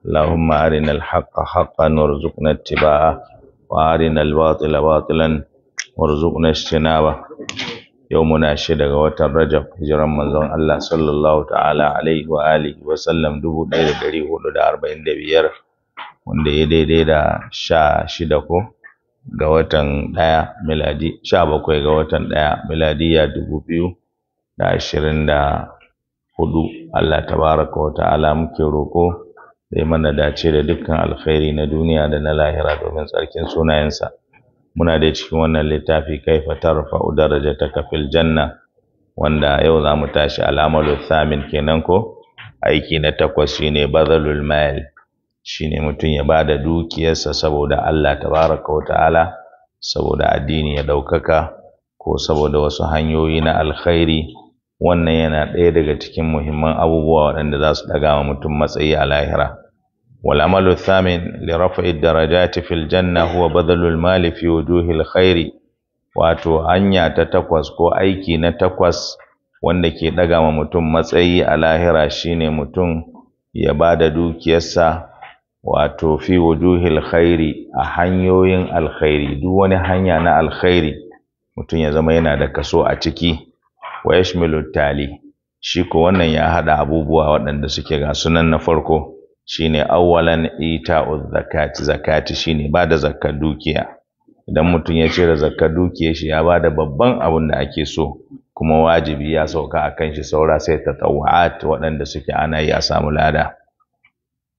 اللهم أرنا الحق حقا وارزقنا اتباعه وأرنا الباطل باطلا وارزقنا اجتنابه يومنا شida ga watan Rajab hijiran manzon Allah sallallahu ta'ala alaihi wa alihi wa sallam daidai da 16 ko ga watan ɗaya miladi 17 ga watan 1 miladiya 2024 Allah tabaraka wa ta'ala muke roko zai mana dace da dukkan alkhairi na duniya da na lahira domin tsarkin sunayensa muna da cikin wannan littafi kaifa udaraja ta kafil janna wanda yau za mu tashi alamalu thamin kenan ko aiki na takwas shine bazalul mal shine mutum ya bada dukiyarsa saboda Allah tabaraka wa ta'ala saboda addini ya daukaka ko saboda wasu hanyoyi na alkhairi wannan yana ɗaya daga cikin muhimman abubuwa waɗanda za su ɗaga wa mutum matsayi a lahira والعمل الثامن لرفع الدرجات في الجنة Janna, Huwa المال في وجوه wato hanya ta takwas ko aiki na takwas wanda ke ɗaga wa mutum matsayi a lahira shine mutum ya ba da dukiyarsa wato fi wujuhil khairi a hanyoyin alkhairi duk wani hanya na alkhairi mutum ya zama yana da kaso a ciki wa yashmilu tali shi ko wannan ya haɗa abubuwa waɗanda suke ga sunan na farko shine awwalan ita'u zakati zakati shine bada zakkar dukiya idan mutum ya cire zakkar dukiyar shi ya bada babban abin da ake so kuma wajibi ya sauka a kan shi saura sai tatawu'at waɗanda suke ana yi a samu lada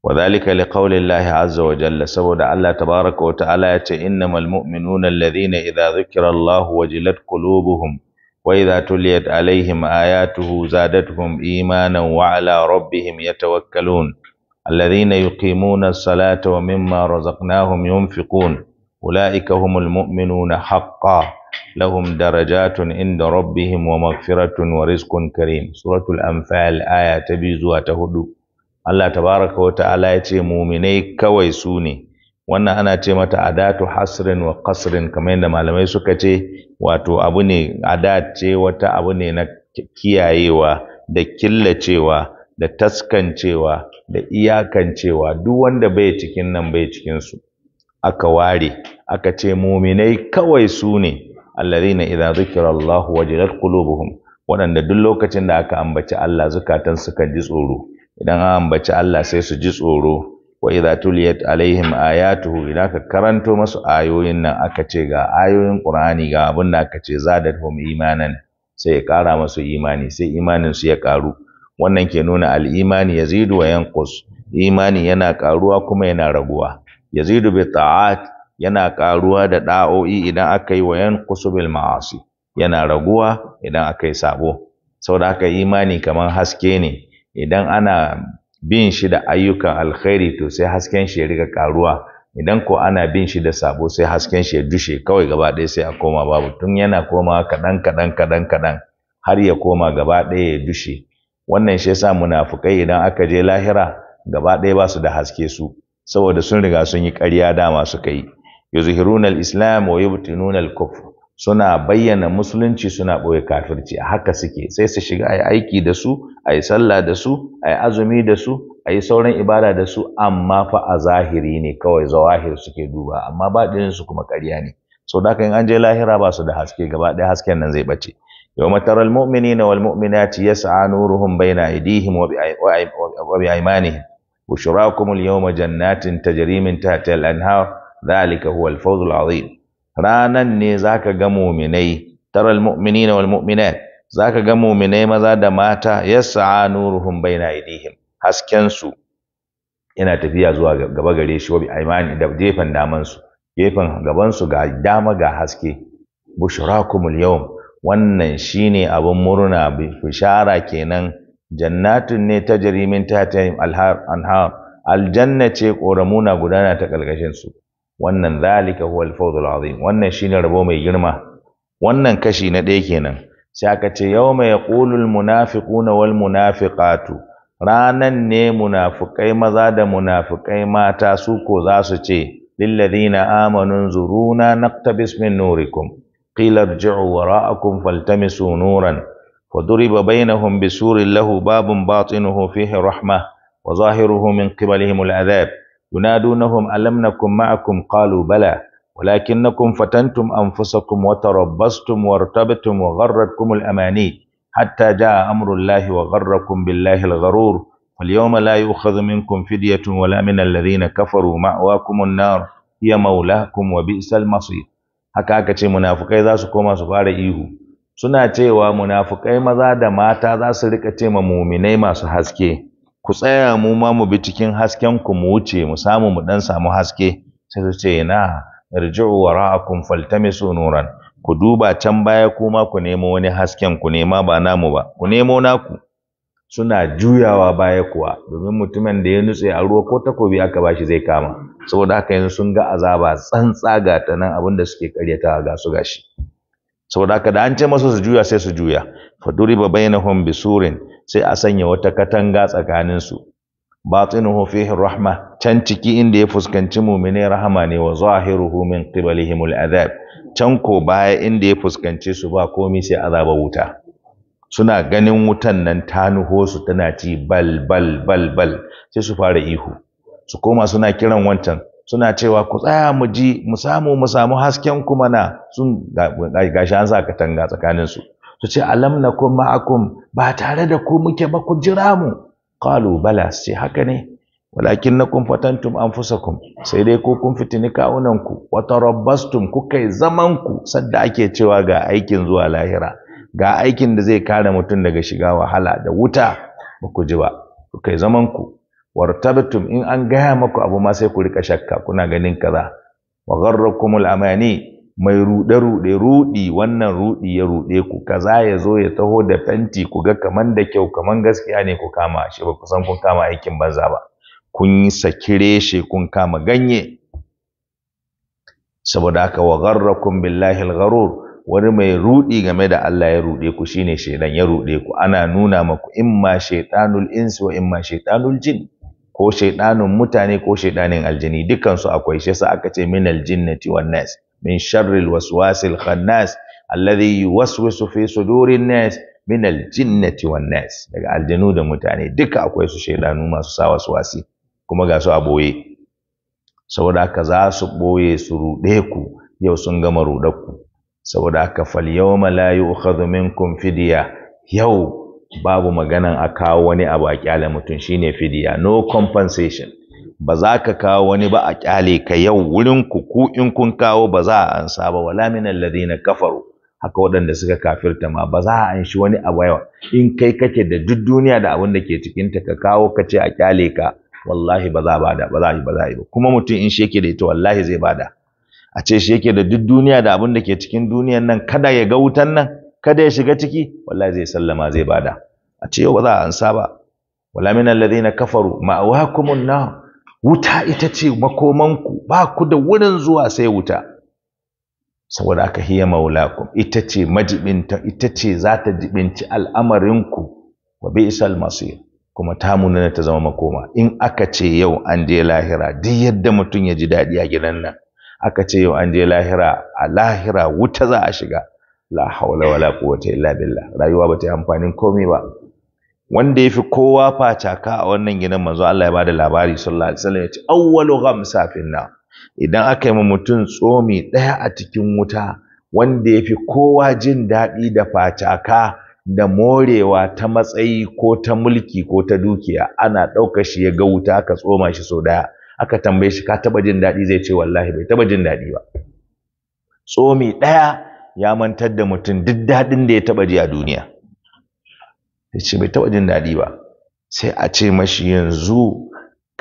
wa zalika liqaulillahi azza wa jalla saboda Allah tabaraka wa ta'ala ya ce innamal mu'minuna alladhina idza dhukira wajilat qulubuhum wa idza tuliyat alaihim ayatuhu zadatuhum imanan wa ala rabbihim yatawakkalun الذين يقيمون الصلاة ومما رزقناهم ينفقون أولئك هم المؤمنون حقا لهم درجات عند ربهم ومغفرة ورزق كريم سورة الأنفال آية تبيز وتهدو الله تبارك وتعالى يتي مؤمني كوي سوني wannan ana ce mata adatu hasrin wa qasrin kamar yadda malamai suka ce wato abu ne adat ce wata abu ne na kiyayewa da killacewa da taskancewa da iyakancewa duk wanda bai cikin nan bai cikin su. aka ware aka ce muminai kawai su ne allazina idza zikra Allah wajilat qulubuhum waɗanda duk lokacin da aka ambaci Allah zukatan suka ji tsoro idan an ambaci Allah sai su ji tsoro wa idza tuliyat alaihim ayatuhu idan aka karanto masu ayoyin nan aka ce ga ayoyin Qur'ani ga abin da aka ce hum imanan sai ya kara masu imani sai imanin su ya karu wannan ke nuna al'imani, imani yazidu wa yankus. imani yana karuwa kuma yana raguwa yazidu bi ta'at yana ƙaruwa da ɗao'i idan aka yi wa yanqusu bil ma'asi yana raguwa idan aka yi sabo Sau saboda haka imani kamar haske ne idan ana bin shi da ayyukan alkhairi to sai hasken shi ya riga ƙaruwa, idan ko ana bin shi da sabo sai hasken shi ya dushe kawai gaba ɗaya sai a koma babu tun yana koma kaɗan kaɗan kaɗan kaɗan har ya koma gaba ɗaya ya dushe wannan shi yasa munafukai idan aka je lahira gaba ɗaya ba su da haske su saboda sun riga sun yi ƙarya dama suka yi yuzhiruna al-islam wa yubtinuna al-kufr suna bayyana musulunci suna ɓoye kafirci haka suke sai su shiga ayi aiki da su ayi sallah da su ayi azumi da su ayi sauran ibada da su amma fa a zahiri ne kawai zawahir suke duba amma baɗinin su kuma ƙarya ne so da in an je lahira ba su da haske gaba ɗaya hasken nan zai bace يوم ترى المؤمنين والمؤمنات يسعى نورهم بين أيديهم وبأيمانهم بشراكم اليوم جنات تجري من تحتها الأنهار ذلك هو الفوز العظيم رانا ne zaka ga mu'minai taral mu'minina wal zaka ga mu'minai maza da mata yas'a nuruhum baina aidihim hasken su yana tafiya zuwa gaba gare shi wabi gefen daman su ga dama ga haske bushrakumul yawm wannan ne abin murna bishara kenan Jannatin ne ta jarimin tatayim anhar aljanna ce ƙoramuna gudana ta ƙarƙashin su wannan zalika huwa alfawzul azim wannan shine rabo mai girma wannan kashi na ɗaya kenan sai aka ce yawma yaqulu almunafiquna wal munafiqatu ranan ne munafikai maza da munafikai mata su ko za su ce lilladhina amanu zuruna naqtabis min nurikum قيل ارجعوا وراءكم فالتمسوا نورا وضرب بينهم بسور له باب باطنه فيه رحمة وظاهره من قبلهم العذاب ينادونهم ألم نكن معكم قالوا بلى ولكنكم فتنتم أنفسكم وتربصتم وارتبتم وغرتكم الأماني حتى جاء أمر الله وغركم بالله الغرور واليوم لا يؤخذ منكم فدية ولا من الذين كفروا مأواكم النار هي مولاكم وبئس المصير haka aka ce munafukai za su koma su fara ihu suna cewa munafukai maza da mata za su rika ce ma muminai masu haske ku tsaya mu ma mu bi cikin hasken ku mu wuce mu samu mu dan samu haske sai su ce na irji'u wara'akum faltamisu nuran ku duba can baya kuma ku nemo wani hasken ku nema ba namu ba ku nemo naku suna juyawa baya kuwa domin mutumin da ya nutse a ruwa ko takobi aka bashi zai kama saboda haka yanzu sun ga azaba tsantsa ga ta nan abin da suke karyata ga su gashi saboda haka da an ce masa su juya sai su juya faduriba bainahum bisurin sai a sanya wata katanga tsakanin su batinuhu fihi rahma can ciki inda ya fuskanci mu'mine rahama ne wa zahiruhu min qibalihim al'adab can ko baya inda ya fuskanci su ba komai sai azaba wuta suna ganin wutan nan ta nuho su tana ci bal bal bal bal sai su fara ihu su koma suna kiran wancan suna cewa ku tsaya mu ji mu samu mu samu hasken kuma na sun gashi an sa katanga tsakanin su to ce alam nakum ma'akum ba tare da ku muke ba ku jira mu qalu bala sai haka ne walakin na kun fatantum anfusakum sai dai ko kun fitini ku wa tarabbastum kai zaman ku sadda ake cewa ga aikin zuwa lahira ga aikin da zai kare mutum daga shiga wahala da wuta ba ku ji ba kai zaman ku wartabtum in an gaya maku abu ma sai ku rika shakka kuna ganin kaza wa gharrakumul amani mai rude rude rudi wannan ruɗi ya rude ku kaza ya zo ya taho da fenti ku ga kaman da kyau kaman gaskiya ne ku kama shi ba ku kun kama aikin banza ba kun yi sakire shi kun kama ganye saboda haka wa gharrakum billahi gharur wani mai rudi game da Allah ya rude ku shine shedan ya rude ku ana nuna maku imma shaytanul insi wa imma shaytanul jinn ko shaidanun mutane ko shaidanin aljini dukansu akwai shi yasa aka ce min aljinnati wan nas min sharril waswasil khannas alladhi yuwaswisu fi sudurin nas min aljinnati wan nas daga aljinu da mutane duka akwai su shaidanu masu sa waswasi kuma ga su a boye saboda haka za su boye su rude ku yau sun gama ruɗar ku saboda haka fal yawma la yu'khadhu minkum fidya yau babu maganan a kawo wani abu a kyale mutum shine fidiya no compensation ba za ka kawo wani ba a kyale ka yau wurin ku ku in kun kawo ba za a ansa ba wala min alladhina kafaru haka waɗanda suka kafirta ma ba za a anshi wani abu yawa in kai kake da duk duniya da abin da ke cikin ta ka kawo ka ce a kyale ka wallahi ba za bada ba za ba za ba kuma mutum in shi yake da ita wallahi zai bada a ce shi yake da duk duniya da abin da ke cikin duniyan nan kada ya ga wutan nan kada ya shiga ciki wallahi zai sallama zai bada a ce yau ba za a ansa ba wala min alladhina kafaru ma'awakumun na. wuta ita ce makomanku ba ku da wurin zuwa sai wuta saboda aka hiya maulakum ita ce majibinta ita ce za ta jibinci al'amarinku wa bi'sal masir kuma ta munana ta zama makoma in aka ce yau an je lahira duk yadda mutum ya ji daɗi a gidan nan aka ce yau an je lahira a lahira wuta za a shiga la hawla wala quwwata illa billah rayuwa ba ta yi amfanin komai ba wanda yafi kowa facaka a wannan gidan manzo Allah ya bada labari sallallahu alaihi wasallam ya ce awwalu ghamsa finna idan aka yi mutum tsomi ɗaya a cikin wuta wanda yafi kowa jin daɗi da facaka da morewa ta matsayi ko ta mulki ko ta dukiya ana ɗaukar shi ya ga wuta aka tsoma shi sau daya aka tambaye shi ka taɓa jin daɗi zai ce wallahi bai taɓa jin daɗi ba tsomi ɗaya ya mantar da mutum duk daɗin da ya taɓa ji a duniya Yace bai taɓa jin daɗi ba sai a ce mashi yanzu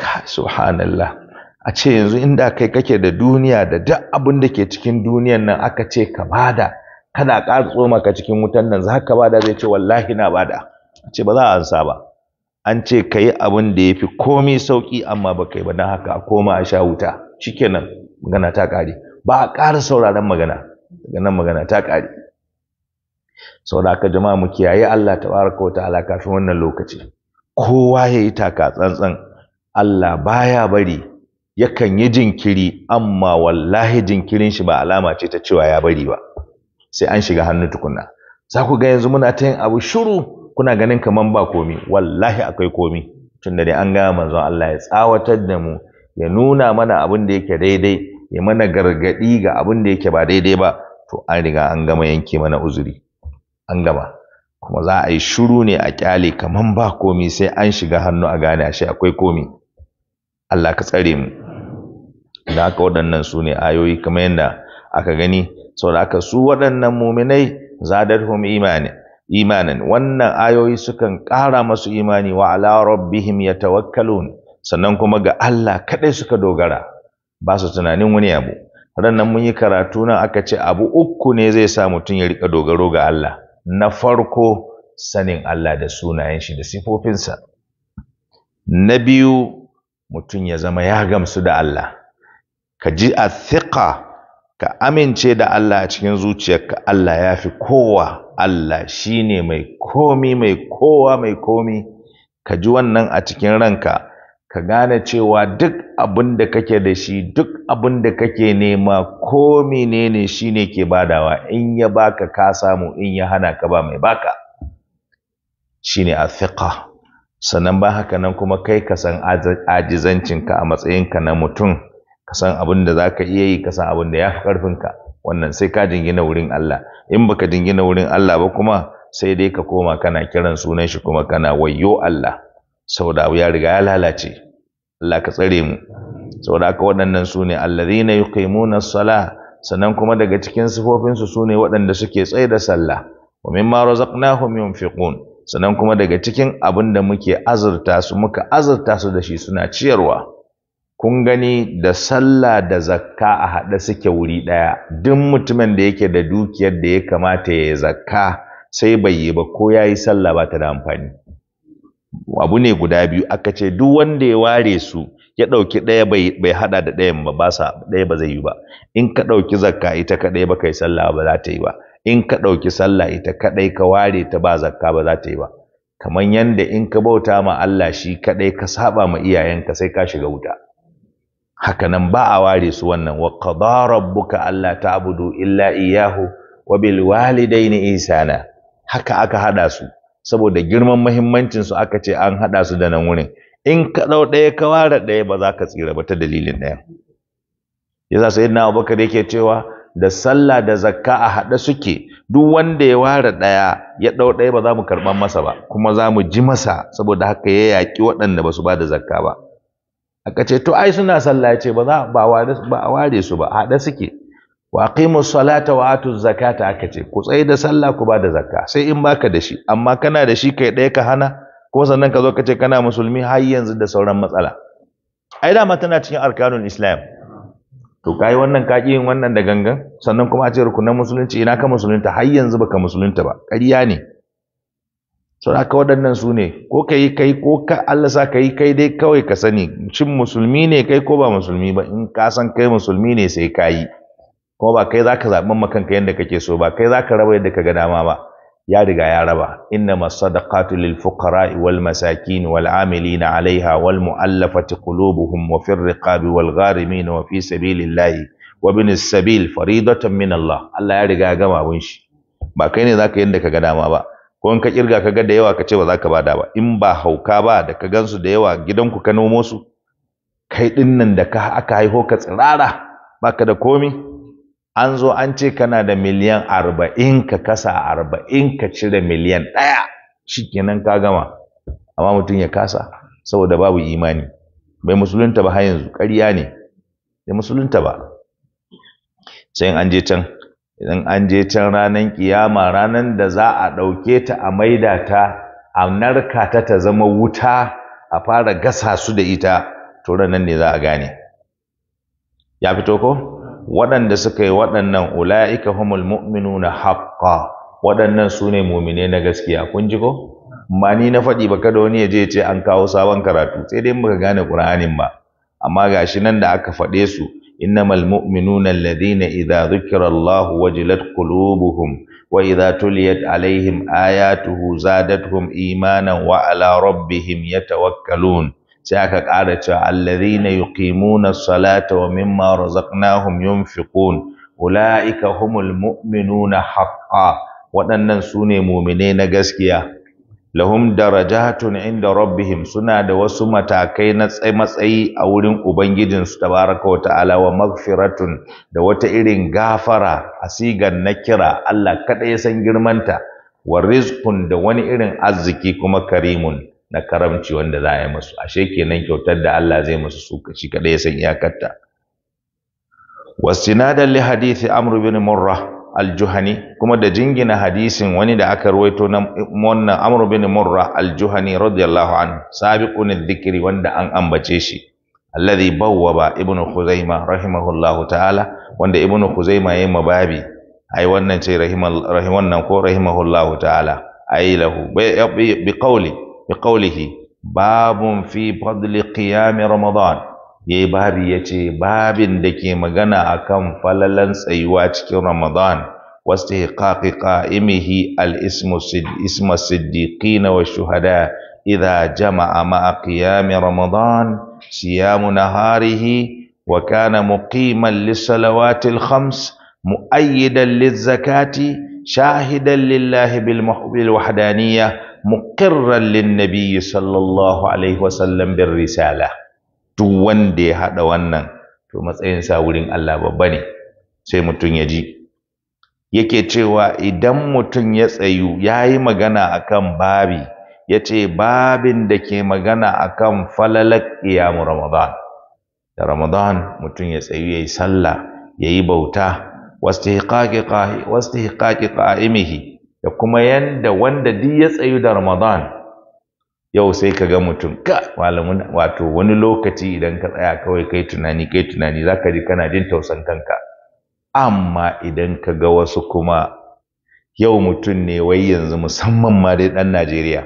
ka subhanallah a ce yanzu inda kai kake da duniya da duk abin da ke cikin duniyan nan aka ce ka bada kana ƙatso maka cikin wutan nan za ka bada zai ce wallahi na bada a ce ba za a ansa ba an ce ka yi abin da ya fi komai sauƙi amma ba kai ba don haka a koma a sha wuta shikenan magana ta ƙare ba a ƙara sauraron magana daga magana ta ƙare Sau da haka jama'a mu kiyaye Allah tabaraka wa ta'ala kafin wannan lokaci kowa ya yi taka tsantsan Allah baya bari yakan yi jinkiri amma wallahi jinkirin shi ba alama ce ta cewa ya bari ba sai an shiga hannu tukunna za ku ga yanzu muna ta yin abu shiru kuna ganin kamar ba komi wallahi akwai komi tun da dai an gaya manzon Allah ya tsawatar da mu ya nuna mana abin da yake daidai ya mana gargadi ga abin da yake ba daidai ba to an riga an gama yanke mana uzuri an gama kuma za a yi shuru ne a kyale kaman ba komi sai an shiga hannu a gane ashe akwai komi Allah ka tsare mu da haka waɗannan su ne ayoyi kamar yadda aka gani da aka su waɗannan muminai zadarhum imanin imanin wannan ayoyi sukan ƙara masu imani wa ala rabbihim yatawakkalun sannan kuma ga Allah kaɗai suka dogara ba su tunanin wani abu ran nan mun yi karatu nan aka ce abu uku ne zai sa mutum ya riƙa dogaro ga Allah na farko sanin Allah da sunayen shi da sifofinsa na biyu mutum ya zama ya gamsu da Allah ka ji a thika ka amince da Allah a cikin zuciyarka Allah ya fi kowa Allah shi ne mai komi mai kowa mai komi ka ji wannan a cikin ranka ka gane cewa duk abin da kake da shi duk abin da kake nema ko menene shine ke badawa in ya baka ka samu in ya hana ka ba mai baka Shi ne athiqa sannan ba haka nan kuma kai ka san ajizancinka a matsayinka na mutum ka san abin da ka iya yi ka san abin da ya fi ƙarfinka. wannan sai ka jingina wurin Allah in baka jingina wurin Allah ba kuma sai dai ka koma kana kiran sunan shi kuma kana wayo Allah saboda abu ya riga ya lalace Allah ka tsare mu saboda haka waɗannan su ne allazina yuqimuna as sannan kuma daga cikin sifofinsu su ne waɗanda suke tsaye da sallah wa mimma razaqnahum yunfiqun sannan kuma daga cikin abin da muke azurta su muka azurta su da shi suna ciyarwa kun gani da sallah da zakka a haɗe suke wuri ɗaya duk mutumin da yake da dukiyar da ya kamata ya zakka sai bai yi ba ko ya yi sallah ba ta da amfani abu ne guda biyu aka ce duk wanda ya ware su ya ɗauki ɗaya bai bai hada da ɗayan ba ba sa ɗaya ba zai yi ba in ka ɗauki zakka ita kaɗai ba kai sallah ba za ta yi ba in ka ɗauki sallah ita kaɗai ka ware ta ba zakka ba za ta yi ba kamar yanda in ka bauta ma Allah shi kaɗai ka saba ma iyayenka sai ka shiga wuta haka nan ba a ware su wannan wa qada rabbuka alla ta'budu illa iyyahu wa bil walidayni ihsana haka aka hada su saboda girman muhimmancin su aka ce an hada su da nan wurin in ka dau ɗaya ka ware ɗaya ba za ka tsira ba ta dalilin ɗaya yasa sayyidina Abubakar yake cewa da sallah da zakka a haɗe suke duk wanda ya ware ɗaya ya ɗau ɗaya ba za mu karɓan masa ba kuma za mu ji masa saboda haka ya yaƙi waɗanda ba su ba da zakka ba aka ce to ai suna sallah ya ce ba za ba ware su ba a ware su ba haɗe suke wa aqimu salata wa atu zakata aka ce ku tsaye da sallah ku bada zakka sai in baka da shi amma kana da shi kai ɗaya ka hana kuma sannan ka zo ka ce kana musulmi har yanzu da sauran matsala ai dama tana cikin arkanul islam to kai wannan ka yin wannan da gangan sannan kuma a ce rukunan musulunci ina ka musulunta har yanzu baka musulunta ba ƙarya ne sau haka waɗannan su ne ko ka kai ko ka Allah sa ka kai dai kawai ka sani shin musulmi ne kai ko ba musulmi ba in ka san kai musulmi ne sai ka yi Koma ba kai za ka zaɓi makanka yadda kake so ba kai za ka raba yadda ka ga dama ba ya riga ya raba inna masadaqatu lil fuqara'i wal masakin wal amilina 'alayha wal mu'allafati qulubuhum wa fir riqabi wal gharimin wa fi sabilillahi wa bin sabil faridatan min Allah Allah ya riga ya gama abun shi ba kai ne zaka yadda ka ga dama ba ko in ka kirga ka ga da yawa ka ce ba zaka bada ba in ba hauka ba da ka gansu da yawa gidanku ka nomo su kai ɗinnan da ka aka haiho ka tsirara baka da komi an zo an ce kana da miliyan arba'in ka kasa arba'in ka cire miliyan ɗaya kenan ka gama amma mutum ya kasa saboda babu imani bai musulunta ba har yanzu ƙarya ne bai musulunta ba sai an je can idan an je can ranar kiyama ranar da za a ɗauke ta a maida ta a narka ta ta zama wuta a fara gasa su da ita to ranar ne za a gane ya fito ko? waɗanda suka yi waɗannan ula'ika humul na haƙƙa waɗannan su ne mumine na gaskiya kun ji ko ba ni na faɗi ba kada wani ya je ce an kawo sabon karatu sai dai muka gane qur'anin ba amma ga shi nan da aka faɗe su innamal na alladhina idza dhukira Allah wajilat kulubuhum wa iza tuliyat alaihim ayatuhu zadatuhum imanan wa ala rabbihim yatawakkalun sai aka ƙara cewa na allazina na salata wa mimma razaqnahum yunfiqun ulaika humul mu'minuna haqqan waɗannan su ne mumine na gaskiya lahum darajatun inda rabbihim suna da wasu matakai na matsayi a wurin ubangijinsu tabaraka wa ta'ala wa magfiratun da wata irin gafara a sigar na kira Allah kaɗai ya san girmanta wa rizqun da wani irin arziki kuma karimun na karamci wanda za a yi masu. ashe kenan kyautar da Allah zai masu su shi kadai san iyakarta wasinadan li hadisi amru bin murra al-juhani kuma da jingina hadisin wani da aka ruwaito na wannan amru bin murra al-juhani radiyallahu anhu sabiqun adh-dhikri wanda an ambace shi alladhi bawwaba ibnu khuzaimah rahimahullahu ta'ala wanda ibnu khuzaimah yayin mababi ai wannan ce rahimannan ko rahimahullahu ta'ala ai lahu bi qawli بقوله باب في فضل قيام رمضان yayi babi yace babin da ke magana akan falalan tsayuwa cikin Ramadan واستحقاق قائمه الاسم اسم الصديقين والشهداء إذا جمع مع قيام رمضان صيام نهاره وكان مقيما للصلوات الخمس مؤيدا للزكاة شاهدا لله بالوحدانية مقرا للنبي صلى الله عليه وسلم بالرسالة duk wanda ya haɗa wannan to matsayin sa wurin Allah babba ne sai mutum ya ji yake cewa idan mutum ya tsayu ya yi magana akan babi yace babin da ke magana akan falalak iyamu ramadan da ramadan mutum ya tsayu ya yi sallah ya yi bauta wastihqaqi qa'imihi da kuma yanda wanda duk ya tsayu da Ramadan yau sai ka ga mutum ka malamin wato wani lokaci idan ka tsaya kawai kai tunani kai tunani zaka ji kana jin tausan kanka amma idan ka ga wasu kuma yau mutum ne wai yanzu musamman ma dai dan Najeriya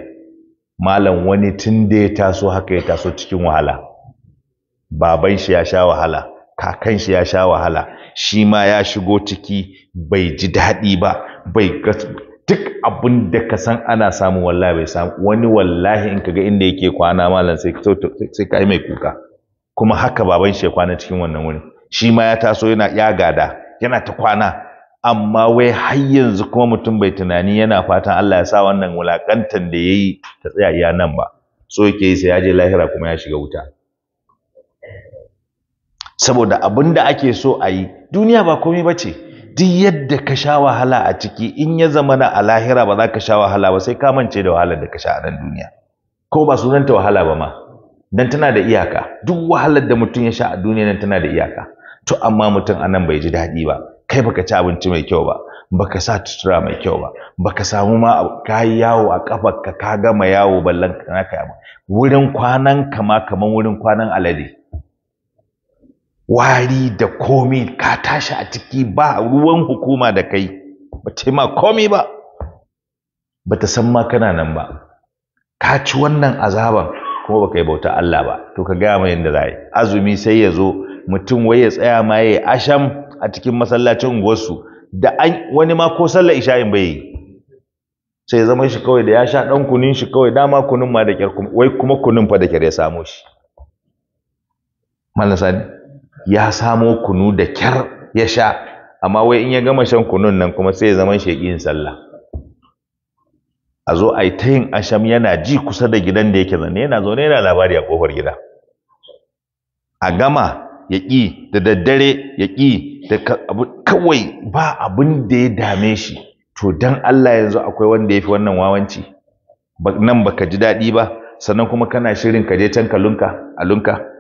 malam wani tun da ya taso haka ya taso cikin wahala baban shi ya sha wahala kakan shi ya sha wahala shi ma ya shigo ciki bai ji daɗi ba bai duk abin da ka san ana samu wallahi bai samu wani wallahi in kaga inda yake kwana malam sai sai ka mai kuka kuma haka baban shi ya kwana cikin wannan wuri shi ma ya taso yana ya gada yana ta kwana amma wai har yanzu kuma mutum bai tunani yana fatan Allah ya sa wannan wulakantan da yayi ta tsaya iya nan ba so yake sai ya je lahira kuma ya shiga wuta saboda abin da ake so a yi duniya ba komai ba ce duk yadda ka sha wahala a ciki in ya zama na a lahira ba za ka sha wahala ba sai ka mance da wahalar da ka sha a nan duniya ko ba sunanta wahala ba ma dan tana da iyaka duk wahalar da mutum ya sha a duniya nan tana da iyaka to amma mutum a nan bai ji daɗi ba kai baka ci abinci mai kyau ba baka sa tutura mai kyau ba baka samu ma ka yi yawo a ƙafa ka gama yawo ballan kana kai wurin kwanan kama kaman wurin kwanan alade wari da komi ka tashi a ciki ba ruwan hukuma da kai ba ce ma komi ba ba ta san ma kana nan ba ka ci wannan azaban kuma baka yi bauta Allah ba to ka gaya mai yadda za yi azumi sai ya zo mutum wai ya tsaya ma ya yi asham a cikin masallacin unguwarsu da wani ma ko sallar isha'in bai yi sai ya zama shi kawai da ya sha ɗan kunin shi kawai dama kunin ma da kyar wai kuma kunin fa da kyar ya samo shi malam ya samo kunu da kyar ya sha amma wai in ya gama shan kunun nan kuma sai ya zama shekin yin sallah a zo a yi ta yin asham yana ji kusa da gidan da yake zane, yana zaune yana labari a kofar gida a gama ya ƙi da daddare ya ƙi da kawai ba abin da ya dame shi to dan Allah yanzu akwai wanda ya fi wannan wawanci nan baka ji daɗi ba sannan kuma kana shirin ka je can ka lunka a lunka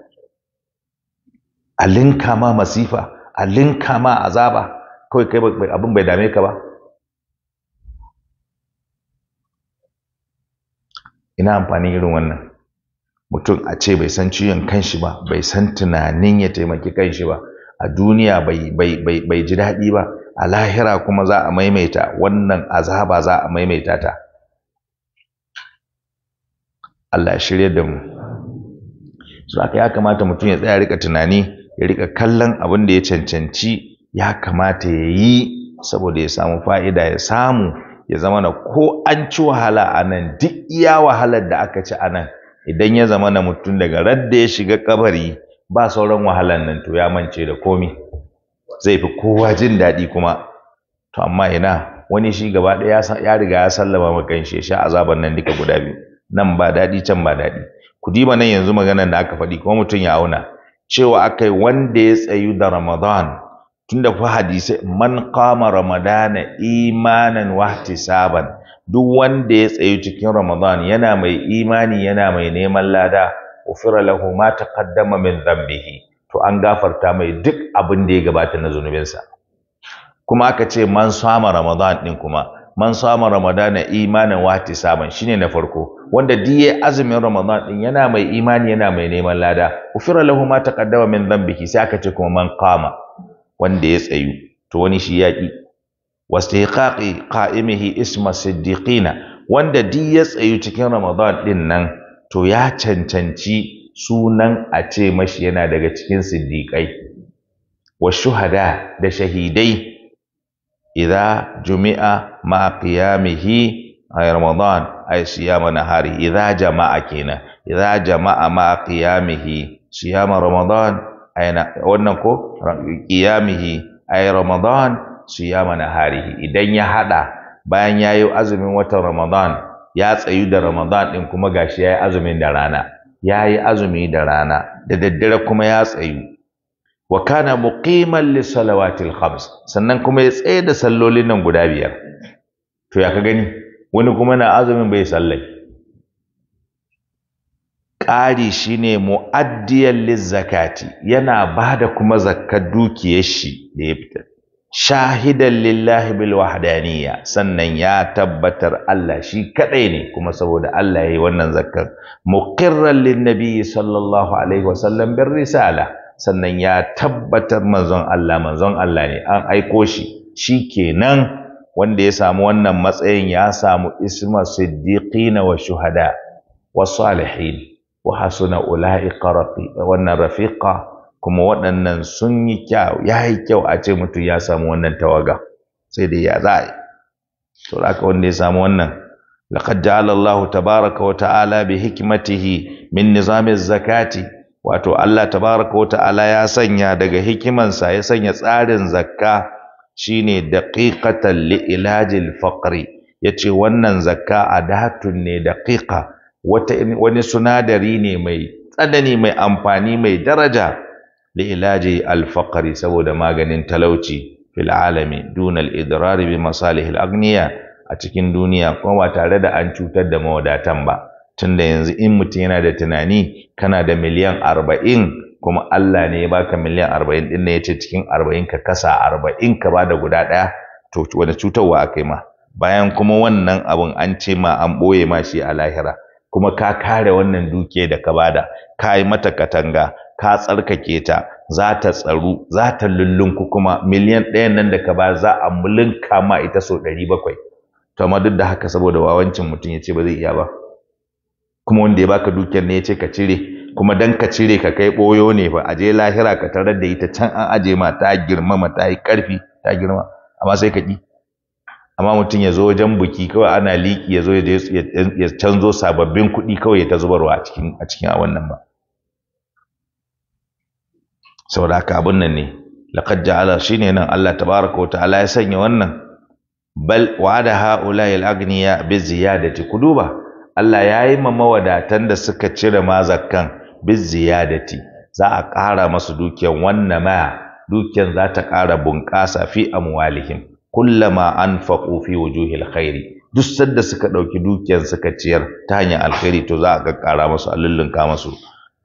a linka ma masifa a linka ma azaba kawai kai abin bai dame ka ba ina amfani irin wannan mutum a ce bai san ciwon kanshi ba bai san tunanin ya taimaki kanshi ba a duniya bai ji daɗi ba a lahira kuma za a maimaita wannan azaba za a maimaita ta Allah shirya da mu su aka ya kamata mutum ya tsaya rika tunani ya rika kallon abin da ya cancanci ya kamata ya yi saboda ya samu fa'ida ya samu ya zama na ko an ci wahala a nan duk iya wahalar da aka ci a nan idan ya zama na mutum daga da ya shiga kabari ba sauran wahalar nan to ya mance da komi zai fi kowa jin daɗi kuma to amma ina wani shi gaba ɗaya ya riga ya sallama ma kanshi sha azaban nan duka guda biyu nan ba daɗi can ba daɗi ku diba nan yanzu maganar da aka faɗi kuma mutum ya auna cewa akai wanda ya tsayu da Ramadan tunda fa hadisai man qama ramadana imanan wahtisaban duk wanda ya tsayu cikin Ramadan yana mai imani yana mai neman lada ufira lahu ma taqaddama min dhanbihi to an gafarta mai duk abin da ya gabata na zunubinsa kuma aka ce man sama Ramadan din kuma man Ramadan ramadana imanin wati saman shine na farko wanda duk azumin ramadan din yana mai imani yana mai neman lada ufira lahu ma taqaddama min zan biki sai aka ce kuma man qama wanda ya tsayu to wani shi yaki wastihqaqi qa'imihi isma siddiqina wanda duk ya tsayu cikin ramadan din nan to ya cancanci sunan a ce mashi yana daga cikin siddiqai wa shuhada da shahidai idza jumi'a ma qiyamihi ay ramadan ay siyama nahari idza jama'a kenan idza jama'a ma qiyamihi siyama ramadan ay wannan ko qiyamihi ay ramadan siyama naharihi idan ya hada bayan yayi azumin watan ramadan ya tsayu da ramadan din kuma gashi yayi azumin da rana yayi azumi da rana da daddare kuma ya tsayu wa kana muqiman li salawatil khams sannan kuma ya tsaye da sallolin nan guda biyar to ya ka gani wani kuma na azumin bai sallai ƙari shine mu'addiyan Zakati, yana bada kuma zakkar dukiyar shi da ya fitar shahidan lillahi bil wahdaniyya sannan ya tabbatar Allah shi kadai ne kuma saboda Allah yayi wannan zakkar muqirran lin nabi sallallahu alaihi sallam, bir risala sannan ya tabbatar manzon Allah manzon Allah ne an aiko shi shi kenan wanda ya samu wannan matsayin ya samu isma siddiqina wa shuhada wa salihin wa hasuna ula'ika wannan rafiqa kuma waɗannan sun yi kyau ya yi kyau a ce mutum ya samu wannan tawaga sai dai ya za a yi wanda ya samu wannan laqad ja'ala Allah tabaraka wa ta'ala bi hikmatihi min nizamin zakati wato Allah tabaraka wa ta'ala ya sanya daga hikimansa ya sanya tsarin zakka shine daqiqatan li ilajil faqri yace wannan zakka adatun ne daqiqa wata wani sunadari ne mai tsanani mai amfani mai daraja li ilaji al faqri saboda maganin talauci fil alami duna al idrar bi masalih al agniya a cikin duniya kuma ba tare da an cutar da mawadatan ba tunda yanzu in mutum yana da tunani kana da miliyan arba'in kuma Allah ne ya baka miliyan arba'in ɗin ya ce cikin arba'in ka kasa arba'in ka ba da guda ɗaya to wani cutarwa aka yi ma bayan kuma wannan abun an ce ma an ɓoye ma shi a lahira kuma ka kare wannan duke da ka bada ka yi mata katanga ka tsarkake ta za ta tsaru za ta lullunku kuma miliyan ɗayan nan da ka ba za a mulinka ma ita sau ɗari bakwai to amma duk da haka saboda wawancin mutum ya ce ba zai iya ba kuma wanda ya baka dukiyar ne ya ce ka cire kuma dan ka cire ka kai boyo ne ba a je lahira ka tarar da ita can an aje ma ta girmama ta yi karfi ta girma amma sai ka ki amma mutum ya zo wajen buki kawai ana liki ya zo ya canzo sababbin kuɗi kawai ya ta zubarwa a cikin a cikin a wannan ba saboda haka abun nan ne laqad ja'ala shine nan Allah tabaraka wa ta'ala ya sanya wannan bal wa'ada ha'ula al ya bi ziyadati kuduba Allah ya yi ma mawadatan da suka cire mazakan bi biziyadati za a ƙara masu dukiyan wannan ma dukiyan za ta ƙara bunƙasa fi amwalihim kullama anfaqu fi wujuhil khairi duk sanda suka ɗauki dukiyan suka ciyar ta hanyar alkhairi to za a ga ƙara masu a masu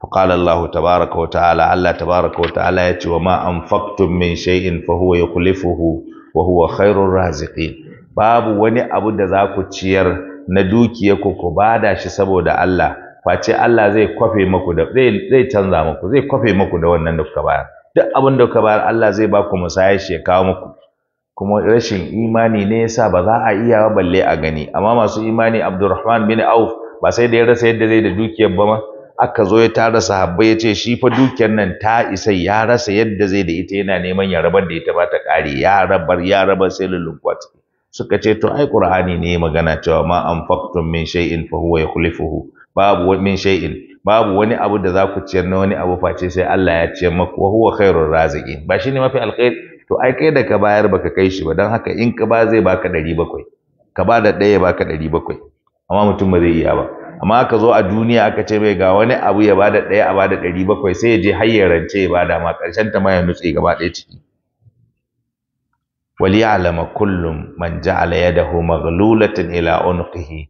فقال الله تبارك ya ce wa وتعالى يتي وما أنفقتم من شيء فهو يخلفه وهو خير الرازقين babu wani abu da za ku ciyar na dukiya ku ku bada shi saboda Allah face Allah zai kwafe muku da zai zai canza muku zai kwafe muku da wannan da kuka bayar duk abin da kuka bayar Allah zai ba ku musaya shi ya kawo muku kuma rashin imani ne yasa ba za a iya ba balle a gani amma masu imani Abdulrahman bin Auf ba sai da ya rasa yadda zai da dukiyar ba ma aka zo ya tara sahabbai ya ce shi fa dukiyar nan ta isa ya rasa yadda zai da ita yana neman ya rabar da ita ba ta kare ya rabar ya rabar sai lulluwa ciki suka ce to ai qur'ani ne magana cewa ma anfaqtum min shay'in fa huwa yukhlifuhu babu min shay'in babu wani abu da za ku ciyar na wani abu face sai Allah ya ciyar maku wa huwa khairur raziqin ba shine mafi alkhair to ai kai da ka bayar baka kai shi ba dan haka in ka ba zai baka 700 ka ba da ɗaya baka 700 amma mutum ba zai iya ba amma aka zo a duniya aka ce mai ga wani abu ya bada ɗaya a bada ɗari bakwai sai ya je har ya rance ya bada ma ƙarshen ta ma ya nutse gaba ɗaya ciki وليعلم كل من جعل يده مغلولة إلى عنقه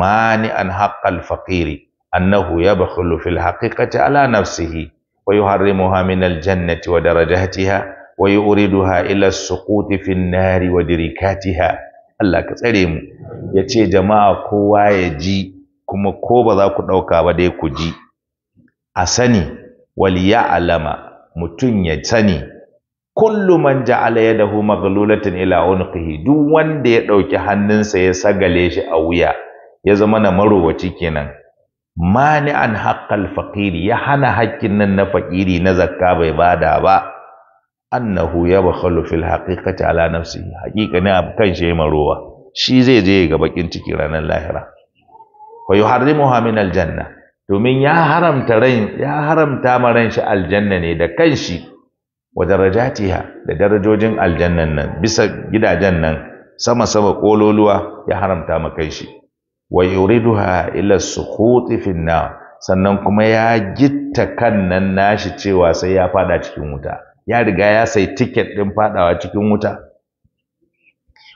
مانعا حق الفقير أنه يبخل في الحقيقة على نفسه ويحرمها من الجنة ودرجاتها ويوردها إلى السقوط في النار ودركاتها الله كسرهم يتي جماعة كوا يجي كما كوبا ذاك نوكا وديك جي أسني وليعلم متن يتني kullu man ja'ala yadahu maghlulatan ila unqihi duk wanda ya dauki hannunsa ya sagale shi a wuya ya zama na marowaci kenan mani an haqqal faqiri ya hana hakkin nan na faƙiri na zakka bai bada ba annahu yabkhalu fil haqiqati ala nafsihi haqiqa ne kan shi marowa shi zai je ga bakin ciki ranar lahira fa yuharrimuha min aljanna domin ya haramta ran ya haramta ma ran shi aljanna ne da kanshi wa darajatiha da darajojin aljannan nan bisa gidajen nan sama sama kololuwa ya haramta ma shi wa yuriduha ila sukhuti fi sannan kuma ya gitta kan nan nashi cewa sai ya fada cikin wuta ya riga ya sai tiket din fadawa cikin wuta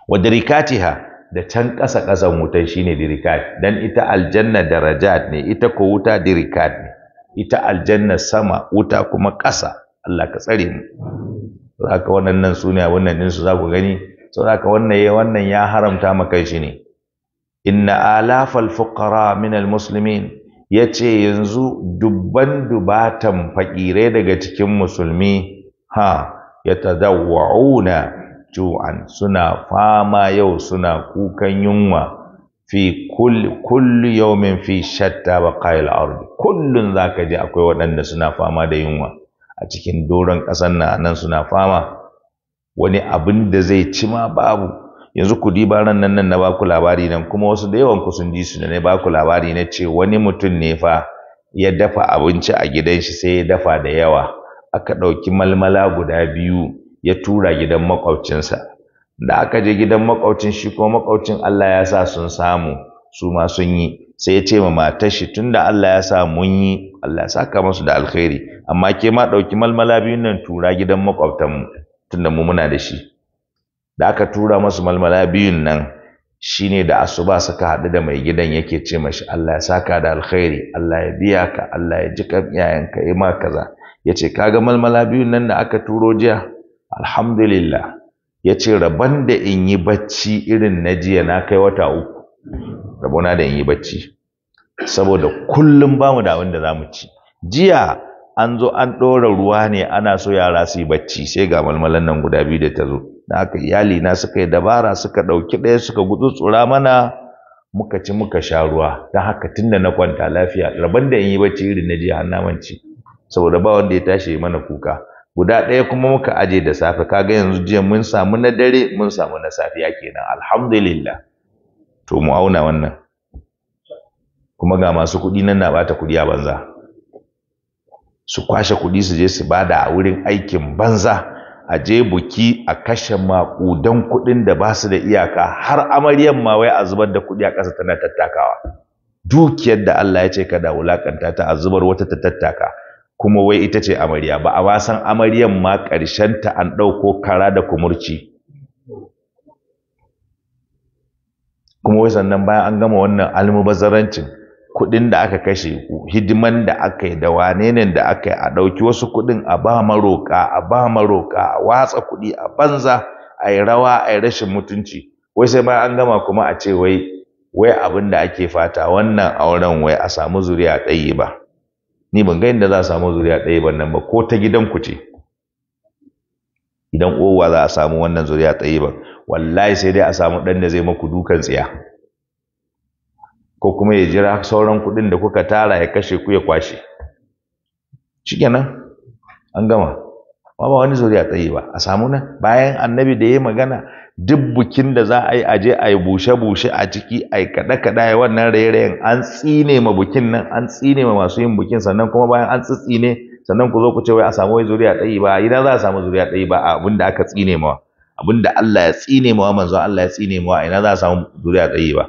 wa dirikatiha da can ƙasa ƙasan wutan shine dirikat dan ita aljanna darajat ne ita ko wuta dirikat ne ita aljanna sama wuta kuma ƙasa Allah ka tsare mu haka wannan nan su ne wannan din su za ku gani saboda wannan ya wannan ya haramta maka shi ne inna alafal fuqara min almuslimin yace yanzu dubban dubatan faƙirai daga cikin musulmi ha yatadawuna ju'an suna fama yau suna kukan yunwa fi kulli yawmin fi shatta baqa'il ardi kullun zaka ji akwai waɗanda suna fama da yunwa a cikin doron ƙasar na nan suna fama wani abin da zai ci ma babu yanzu ku diba ran nan na baku labari nan kuma wasu da yawan ku sun ji su ne na baku labari na ce wani mutum ne fa ya dafa abinci a gidan shi sai ya dafa da yawa aka ɗauki malmala guda biyu ya tura gidan makwabcinsa da aka je gidan makwabcin shi ko makwabcin Allah ya sa sun samu su ma sun yi sai ya ce ma matar shi tunda Allah ya sa mun yi Allah ya saka musu da alkhairi amma ke ma ɗauki malmala biyun nan tura gidan mu tunda mu muna da shi da aka tura masu malmala biyun nan shine da asuba suka hadu da mai gidan yake ce mashi Allah ya saka da alkhairi Allah ya biya ka Allah ya ji yayanka yi ma kaza yace kaga malmala biyun nan da aka turo jiya alhamdulillah yace rabban da in yi bacci irin na jiya na kai wata uku rabona da in yi bacci saboda kullum ba mu da abin da za mu ci jiya an zo an ɗora ruwa ne ana so yara su yi bacci sai ga malmalan nan guda biyu da ta zo da iyali na suka yi dabara suka ɗauki ɗaya suka tsura mana muka ci muka sha ruwa don haka tun da na kwanta lafiya rabon da in yi bacci irin na jiya an ci saboda ba wanda ya tashi mana kuka guda ɗaya kuma muka aje da safe kaga yanzu jiya mun samu na dare mun samu na safiya kenan alhamdulillah to mu auna wannan kuma ga masu kuɗi nan na bata kuɗi a banza su kwashe kuɗi su je su bada a wurin aikin banza a je buki a kashe maƙudan kuɗin da ba su da iyaka har amaryan ma wai a zubar da kuɗi a ƙasa tana tattakawa dukiyar da Allah ya ce da wulakanta ta a zubar wata ta tattaka kuma wai ita ce amarya ba a wasan amaryan ma ƙarshen ta an ɗauko kara da kumurci kuma wai sannan bayan an gama wannan almubazarancin kuɗin da aka kashe hidiman da aka yi da wane ne da aka yi a ɗauki wasu kuɗin a ba maroka a ba maroka a watsa kuɗi a banza a yi rawa a yi rashin mutunci wai sai ma an gama kuma a ce wai wai abin da ake fata wannan auren wai a samu zuriya ɗaye ba ni ban ga inda za a samu zuriya ɗaye ba nan ba ko ta gidan ku ce idan owa za a samu wannan zuriya ɗaye ba wallahi sai dai a samu ɗan da zai maku dukan tsiya ko kuma ya jira sauran kuɗin da kuka tara ya kashe ku ya kwashe kenan an gama ba wani zuriya tsaye ba a samu nan bayan annabi da ya magana duk bukin da za a yi aje a yi bushe-bushe a ciki a yi kaɗe ya wannan raye-rayen an tsine ma bukin nan an tsine ma masu yin bukin sannan kuma bayan an tsitsine sannan ku zo ku ce wai a samu wai zuriya tsaye ba idan za a samu zuriya tsaye ba a abin da aka tsine ma abin da Allah ya tsine ma manzo Allah ya tsine ma ina za a samu zuriya tsaye ba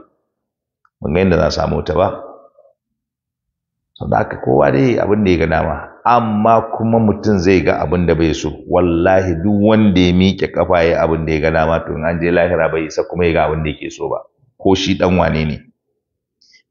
ban ga za na samu ta ba saboda haka kowa dai abin da ya ga dama amma kuma mutum zai ga abin da bai so wallahi duk wanda ya miƙe kafa ya abin da ya ga dama to an je lahira bai isa kuma ya ga abin da yake so ba ko shi dan wane ne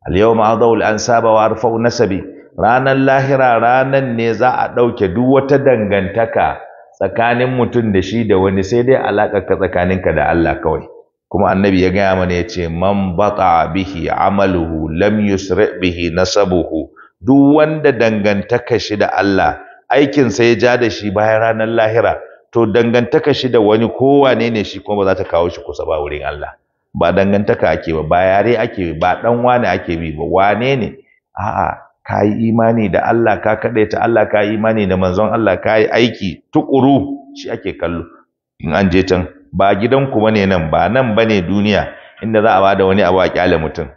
al yawma an ansaba wa arfa'u nasabi ranar lahira ranan ne za a ɗauke duk wata dangantaka tsakanin mutum da shi da wani sai dai alaƙa ka tsakaninka da Allah kawai kuma annabi ya gaya mana ya ce man bata bihi amaluhu lam yusri bihi nasabuhu duk wanda dangantaka shi da Allah aikin sai ya ja da shi bayan ranar lahira to dangantaka shi da wani kowa ne shi kuma ba za ta kawo shi kusa ba wurin Allah ba dangantaka ake ba ba yare ake ba dan wane ake bi ba wane ne a'a ka yi imani da Allah ka ta Allah ka yi imani da manzon Allah ka yi aiki tukuru shi ake kallo in an je can ba gidanku bane nan ba nan bane duniya inda za a bada wani abu a kyale mutum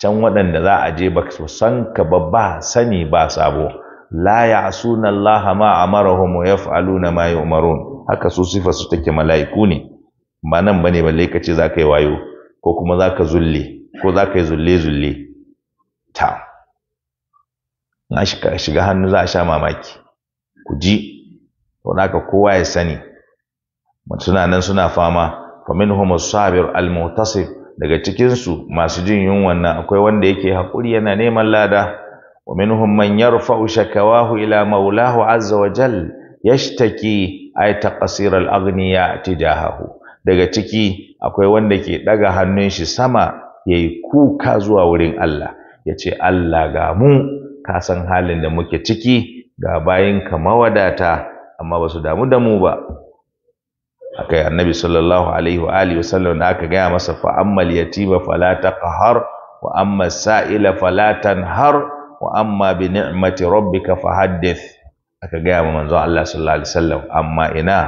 can waɗanda za a je ba su san ka ba ba sani ba sabo la ya'suna Allah ma amarahum wa yaf'aluna ma yu'marun haka su sifa su take mala'iku ne ba nan bane balle ka ce zaka yi wayo ko kuma zaka zulle ko zaka zulle zulle ta na shiga hannu za a sha mamaki ku ji to haka kowa ya sani suna nan suna fama fa minhum as-sabir al-mutasif daga cikinsu masu jin yunwan nan akwai wanda yake haƙuri yana neman lada wa minhum man yarfa'u shakawahu ila maulahu azza wa jal yashtaki ay taqsir al-aghniya tijahahu daga ciki akwai wanda ke daga hannun shi sama yayi kuka zuwa wurin Allah yace Allah ga mu ka san halin da muke ciki ga bayinka mawadata amma basu damu da mu ba akai annabi sallallahu alaihi wa alihi wasallam da aka gaya masa fa ammal yatima fala taqhar wa amma sa'ila fala tanhar wa amma bi ni'mati rabbika fahaddith aka gaya ma manzo Allah sallallahu alaihi wasallam amma ina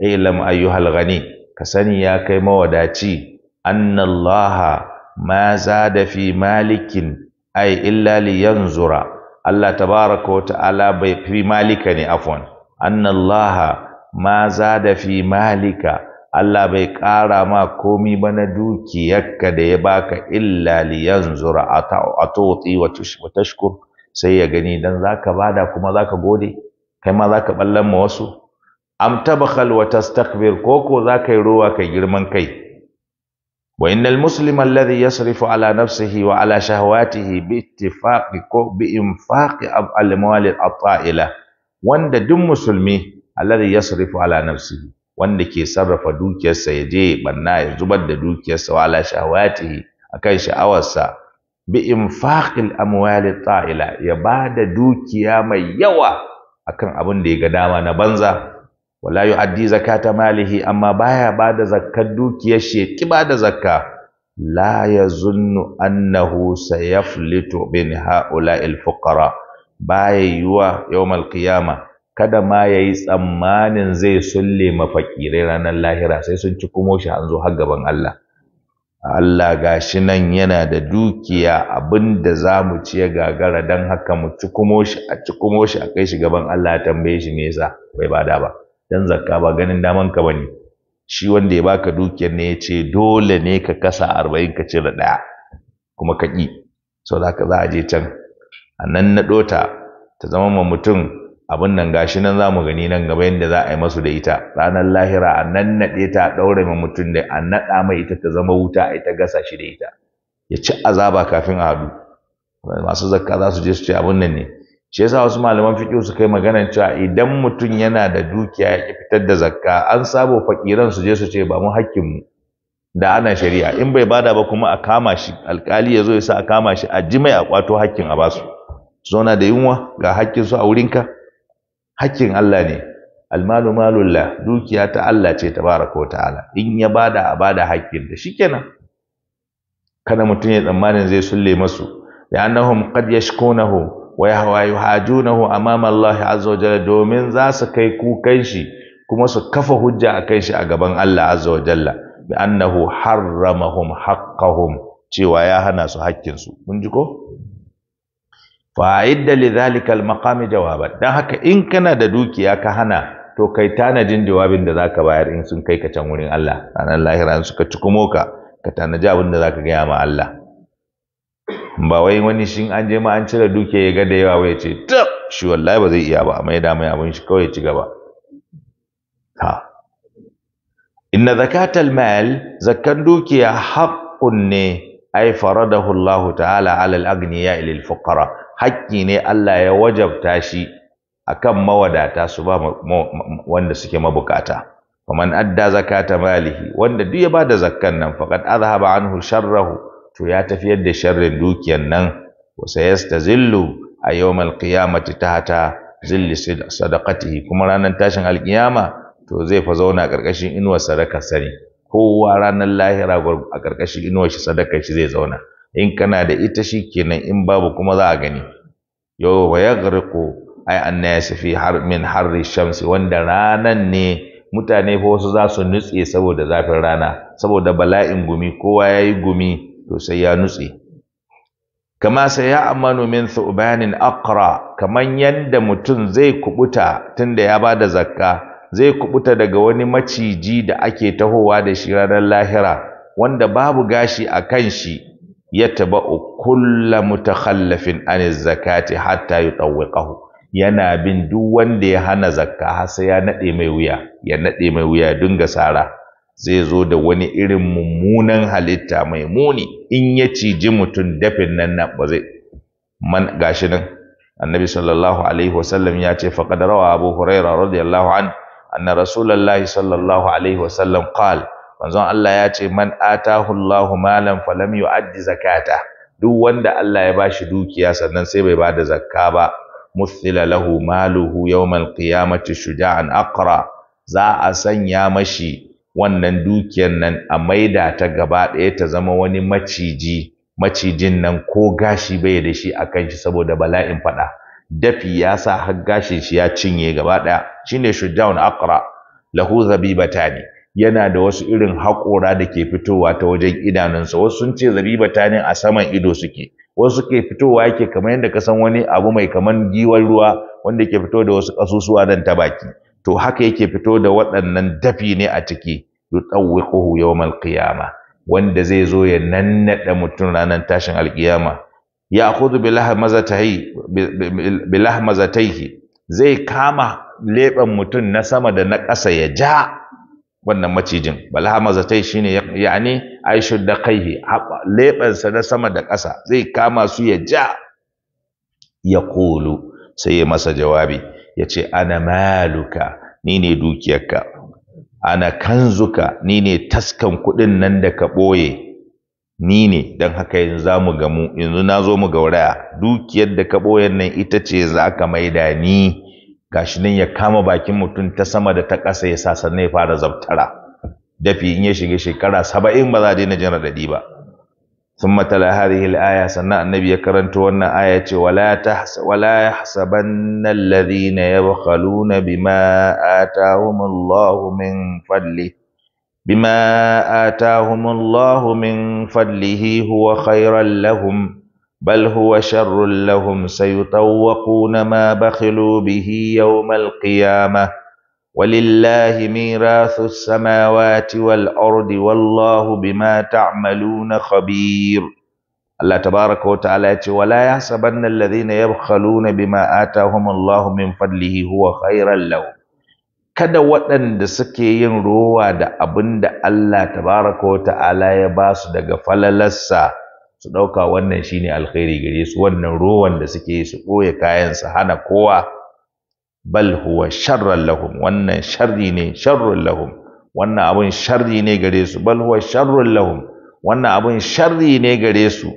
ilam ayyuhal ghani ka sani ya kai mawadaci annallaha ma zada fi malikin ay illa yanzura. Allah tabaraka wa ta'ala bai fi malika ne afwan annallaha ma da fi malika Allah bai ƙara ma komi ba na dukiyarka da ya baka illa li yanzura atuti wa tashkur sai ya gani dan zaka bada kuma ka gode kai ma ka ballan ma wasu am tabakhal wa tastakbir koko zakayi yi ruwa kai girman kai wa innal muslima alladhi yasrifu ala nafsihi wa ala shahawatihi bi ittifaqi ko bi infaqi amwali al-ta'ila wanda duk musulmi alladhi yasrifu ala nafsihi wanda ke sarrafa dukiyarsa ya je banna ya zubar da dukiyarsa wala ala akan sha'awarsa bi infaqil amwali ta'ila ya bada dukiya mai yawa akan abin da ya ga dama na banza wala yu'addi zakata malihi amma baya bada zakkar dukiyar shi ki bada zakka la yazunnu annahu sayaflitu min ha'ula'il fuqara baya yuwa yawmal qiyamah kada ma ya yi tsammanin zai sulle mafakirai ranar lahira sai sun ci kumo shi an zo har gaban Allah. Allah ga shi nan yana da dukiya abin da za mu ci ya gagara don haka mu ci kumo shi a ci kumo shi a kai shi gaban Allah ya tambaye shi me yasa bai bada ba dan zakka ba ganin daman ka bane shi wanda ya baka dukiyar ne ya ce dole ne ka kasa arba'in ka cire ɗaya kuma ka ƙi sau da za a je can a nan na ɗota ta zama ma mutum abin nan gashi nan za mu gani nan gaba yadda za a yi masu da ita ranar lahira a nan naɗe ta ɗaure mai mutum da a naɗa mai ita ta zama wuta a ita gasa shi da ita ya ci azaba kafin a haɗu masu zakka za su je su ce abin nan ne shi yasa wasu malaman fiƙi su kai maganar cewa idan mutum yana da dukiya ya fitar da zakka an sabo fakiran su je su ce ba mu hakkin mu da ana shari'a in bai bada ba kuma a kama shi alƙali ya zo ya sa a kama shi a ji mai a ƙwato hakkin a basu zona da yunwa ga hakkin su a wurinka hakkin Allah ne almalu malullah dukiya ta Allah ce tabaraka wa ta'ala in ya bada a bada hakkin da shikenan Kana mutum ya tsammanin zai sulle masu ya annahum qad yashkunahu wa yahwa yuhajunahu amama Allah azza wa jalla domin za su kai kukan shi kuma su kafa hujja a kan shi a gaban Allah azza wa jalla bi annahu harramahum haqqahum cewa ya hana su hakkin su mun ji ko fa'idda li zalika al jawaban dan haka in kana da dukiya ka hana to kai tanajin jawabin da zaka bayar in sun kai ka can wurin Allah ranar lahira suka cikumo ka ka tanaji abin da zaka gaya ma Allah ba wai wani shin an je ma an cire dukiya ya ga da yawa wai ce ta, shi wallahi ba zai iya ba amma ya mai abin shi kawai ci gaba ha inna zakatal mal zakkan dukiya haqqun ne ay faradahu Allah ta'ala 'ala al-aghniya lil fuqara haƙƙi ne Allah ya wajabta shi a kan mawadata su ba wanda suke mabukata faman adda ta malihi wanda duk ya ba da zakkan nan faqad azhaba anhu sharrahu to ya tafiyar da sharrin dukiyan nan wa Zillu a yawmal qiyamati tahta zilli sadaqatihi kuma ranar tashin alƙiyama to zai fa zauna karkashin inuwar sadaka sani kowa ranar lahira a karkashin inuwar shi sadakar shi zai zauna in kana da ita shi kenan in babu kuma za a gani yau wa yaghriqu ay annasi fi har min harri shamsi wanda ranan ne mutane fa wasu za su nutse saboda zafin rana saboda bala'in gumi kowa yayi gumi to sai ya nutse kama sai ya amanu min thubanin aqra kaman yanda mutum zai kubuta tunda ya ba da zakka zai kubuta daga wani maciji da ake tahowa da shi ranar lahira wanda babu gashi a kan shi yatba'u kullu mutakhallafin an zakati hatta yutawwiqahu yana bin duk wanda ya hana zakka har sai ya nade mai wuya ya nade mai wuya dinga sara zai zo da wani irin mummunan halitta mai muni in ya ciji mutum dafin nan nan ba zai man gashi nan annabi sallallahu alaihi wasallam ya ce faqad rawa abu hurairah radiyallahu an anna rasulullahi sallallahu alaihi wasallam qala manzon Allah ya ce man atahu Allahu malan falam yu'addi zakata duk wanda Allah ya bashi dukiya sannan sai bai bada zakka ba muthila lahu maluhu yawmal qiyamati shuja'an aqra za a sanya mashi wannan dukiyar nan a maida ta gaba ɗaya ta zama wani maciji macijin nan ko gashi bai da shi akan shi saboda bala'in fada dafi ya sa har gashin shi ya cinye gaba ɗaya shine shuja'un aqra lahu zabibatani yana da wasu irin haƙora da ke fitowa ta wajen idanunsa wasu sun ce ta ne a saman ido suke wasu ke fitowa yake kamar yadda ka san wani abu mai kamar giwar ruwa wanda ke fito da wasu ƙasusuwa dan ta baki to haka yake fito da waɗannan dafi ne a ciki yutawwiquhu yawmal qiyama wanda zai zo ya nannada mutum ranar tashin alƙiyama ya akhudhu bilahmazatihi bilahmazatihi zai kama leɓen mutum na sama da na ƙasa ya ja wannan macijin balhama zatai shine yani aishud da kaihi sa na sama da ƙasa zai kama su ya ja ya kulu sai ya masa jawabi ya ana maluka ni ne dukiyarka ana kanzuka ni ne taskan kuɗin nan da ka ɓoye ni ne don haka yanzu za gamu yanzu na zo mu gauraya dukiyar da ka ɓoyen nan ita ce za ka maida ni ga shi nan ya kama bakin mutum ta sama da ta ƙasa ya sa sannan ya fara zabtara dafi in ya shiga shekara saba'in ba za a daina jin raɗaɗi ba sun mata laharihil aya sannan annabi ya karanta wannan aya ce wala ya hasaban na lari na ya bukalu na bima a tahumullahu min fadli khairan lahum بل هو شر لهم سيطوقون ما بخلوا به يوم القيامة ولله ميراث السماوات والأرض والله بما تعملون خبير الله تبارك وتعالى ولا يحسبن الذين يبخلون بما آتاهم الله من فضله هو خيرا لهم kada waɗanda suke yin rowa da abin da Allah tabaraka wa ta'ala ya ba su daga falalarsa su ɗauka wannan shine alkhairi gare su wannan rowan da suke su ɓoye kayan su hana kowa bal huwa sharran lahum wannan sharri ne sharrun lahum wannan abun sharri ne gare su bal huwa lahum wannan abun sharri ne gare su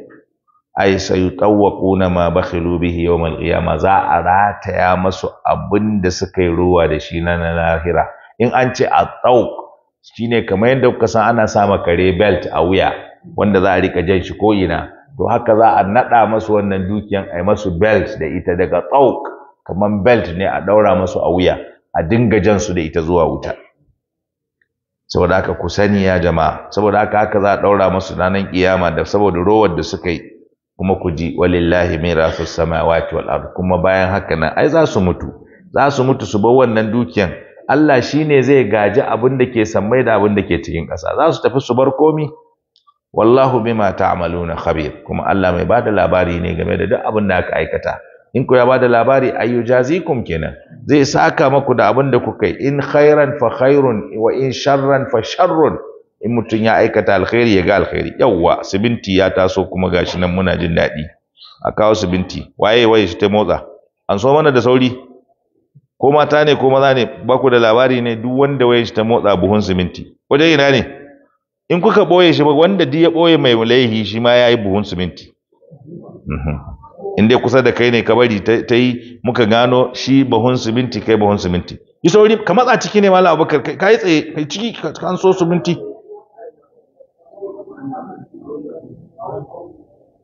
ai sayutawwaquna ma bakhilu bihi yawmal qiyamah za a rataya masu abinda da suka yi ruwa da shi na lahira in an ce a shine kamar yadda kuka san ana sa kare belt a wuya wanda za a rika jan shi ko ina to haka za a naɗa masu wannan dukiyan ai masu belt da ita daga tsauk kaman belt ne a ɗaura masu a wuya a dinga jan su da ita zuwa wuta saboda haka ku sani ya jama'a saboda haka haka za a daura masu ranar kiyama da saboda rowar da suka yi kuma ku ji walillahi mirasu samawati wal ard kuma bayan haka nan ai za su mutu za su mutu su bar wannan dukiyan Allah shine zai gaji abin da ke sammai da abin da ke cikin ƙasa za su tafi su bar komi wallahu bima ta'maluna khabir kuma Allah mai bada labari ne game da duk abin da aka aikata in ku ya bada labari ayu kum kenan zai saka maku da abin da kuka yi in khairan fa khairun wa in sharran fa sharrun in mutun ya aikata alkhairi ya ga alkhairi yawwa subinti ya taso kuma gashi nan muna jin daɗi a kawo subinti waye waye shi ta motsa an so mana da sauri ko mata ne ko maza ne ba ku da labari ne duk wanda wayan shi ta motsa buhun siminti wajen ina ne in kuka boye shi ba wanda duk ya boye mai laihi shi ma yayi buhun siminti mhm. in dai kusa da kai ne ka bari ta yi muka gano shi buhun siminti kai buhun siminti yi sauri ka matsa ciki ne malam abubakar ka yi tsaye kai ciki kan so siminti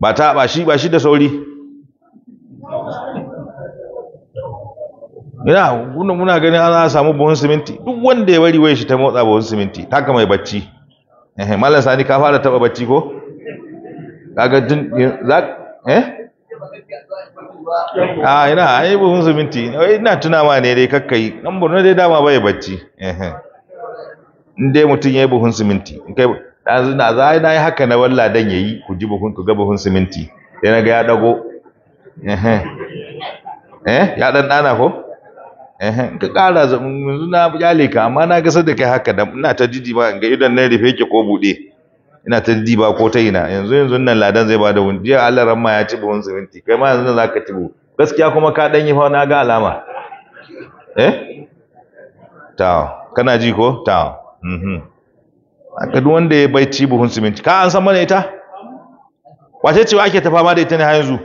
ba ta ba shi ba shi da sauri ina muna ganin ana samu buhun siminti duk wanda ya bari wai shi ta motsa buhun siminti haka mai bacci eh mallan sani ka fara taba bacci ko kaga din za eh a ina ai buhun zuminti ina ma ne dai kakkai dan burno dai dama bai bacci eh, eh. in dai mutun yayi buhun siminti. in kai yanzu na za na yi haka na walla dan yayi ku ji buhun ku ga buhun siminti? sai na ga ya dago eh, eh eh ya dan dana ko ka ƙara yanzu na kyale ka amma na gasar da kai haka da ina ta didiba ba, ga idan na rufe yake ko buɗe ina ta ba ko ta ina yanzu yanzu nan ladan zai bada wani jiya Allah ramma ya ci buhun siminti kai ma yanzu zaka ci buhu gaskiya kuma ka ɗan yi fa na ga alama eh ta kana ji ko ta mhm aka duk wanda ya bai ci buhun siminti ka an san mana ita wace ce ake ta fama da ita ne har yanzu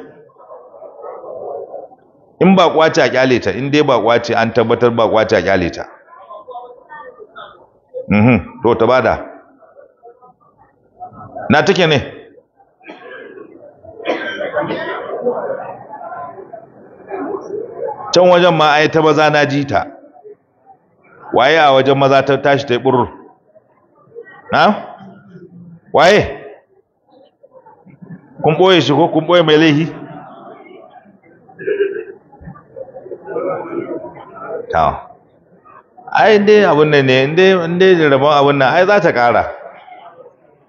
in ba kwace a kyale ta in dai ba kwace an tabbatar ba kwace a kyale ta mhm to ta bada na take ne can wajen ma ai ta baza na ji ta waye a wajen maza ta tashi ta yi burur na waye kun boye shi ko kun boye mai laifi? ta ai dai abin nan ne in dai rabon abin nan ai za ta ƙara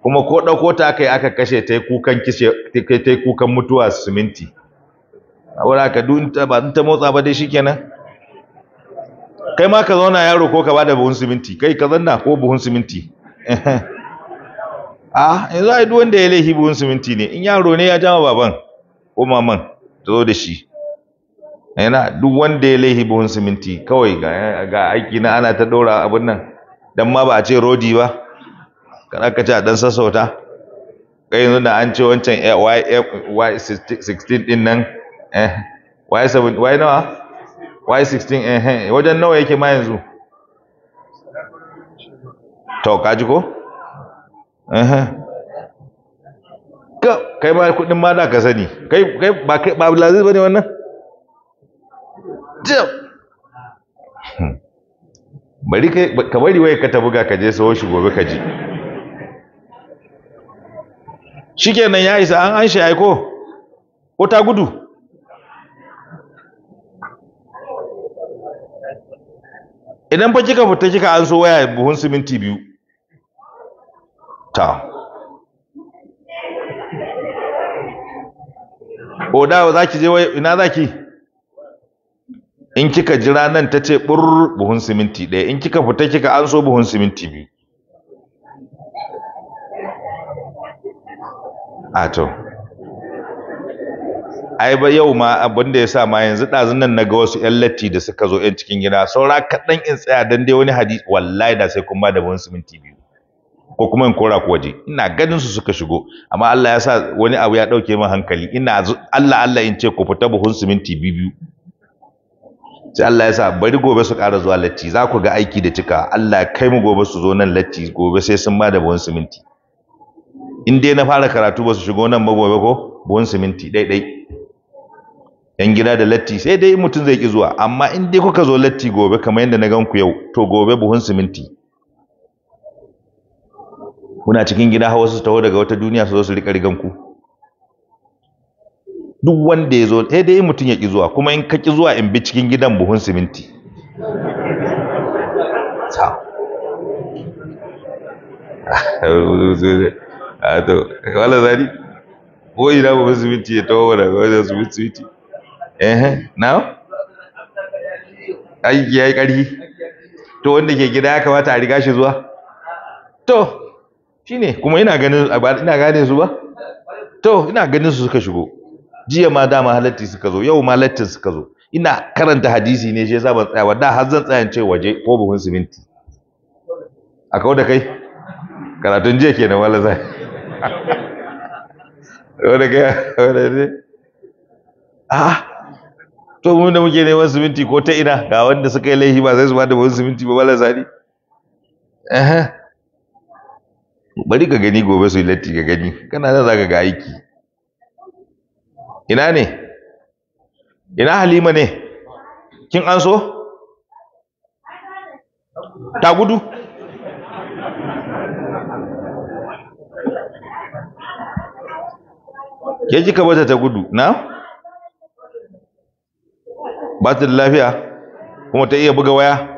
kuma ko ɗauko ta aka yi aka kashe ta yi kukan kishe ta kukan mutuwa siminti a wuri aka duk ta ba ta motsa ba dai shikenan kai ma ka zauna yaro ko ka bada buhun siminti kai ka zanna ko buhun siminti a ah, yanzu ai duk wanda ya laifi buhun siminti ne in yaro ne ya jama baban ko maman ta zo da shi yana duk wanda ya laihi buhun siminti kawai ga aiki na ana ta ɗora abin nan dan ma ba a ce rodi ba kan aka ce a ɗan sassauta kai yanzu da an ce wancan eh, y16 din nan eh, y7 y nawa y16 eh, eh wajen nawa yake ma yanzu to ji ko eh kai ma kudin ma da ka sani kai kai ba kai ba ne wannan jam hmm. bari ka bari waya ka ta buga ka je sawo shi gobe ka ji shikenan ya isa an anshi shi aiko ko ta gudu idan fa kika fita kika an so waya buhun siminti biyu ta oda za ki je ina za ki in kika jira nan ta ce bur buhun siminti ɗaya in kika fita kika an so buhun siminti biyu a to ai ba yau ma abin da ya sa ma yanzu ɗazun nan na ga wasu ƴan latti da suka zo ƴan cikin gida saura kaɗan in tsaya dan dai wani hadisi wallahi da sai kun ba da buhun siminti biyu ko kuma in kora ku waje ina ganin su suka shigo amma Allah ya sa wani abu ya ɗauke min hankali ina Allah Allah in ce ku fita buhun siminti biyu sai Allah ya sa bari gobe su ƙara zuwa latti za ku ga aiki da cika Allah ya kai mu gobe su zo nan latti gobe sai sun ba da buhun siminti in dai na fara karatu ba su shigo nan ba gobe ko buhun siminti ɗaiɗai yan gida da latti sai dai mutum zai ki zuwa amma in dai kuka zo latti gobe kamar yadda na gan ku yau to gobe buhun siminti kuna cikin gida hawa su taho daga wata duniya su zo su riƙa rigan ku duk wanda ya zo sai eh, dai mutum ya ki zuwa kuma in ka ki zuwa in bi cikin gidan buhun siminti ah, wala zari ko ina buhun siminti ya tawo daga wajen siminti eh na aiki yi ƙarfi? to wanda ke gida ya kamata a riga shi zuwa to shine kuma ina ganin ina gane su ba to ina ganin su suka shigo jiya ma dama halatti suka zo yau ma lattin suka zo ina karanta hadisi ne shi yasa ban tsaya ba da har zan tsaya ce waje ko buhun siminti a kawo da kai karatun jiya kenan wala zai wanda kai wanda ne a to mun da muke neman siminti ko ta ina ga wanda suka yi laifi ba sai su da buhun siminti ba wala zai eh bari ka gani gobe su latti ka gani kana da zaka ga aiki ina ne ina halima ne kin an so ta gudu ke ji ka bata ta gudu na ba ta da lafiya kuma ta iya buga waya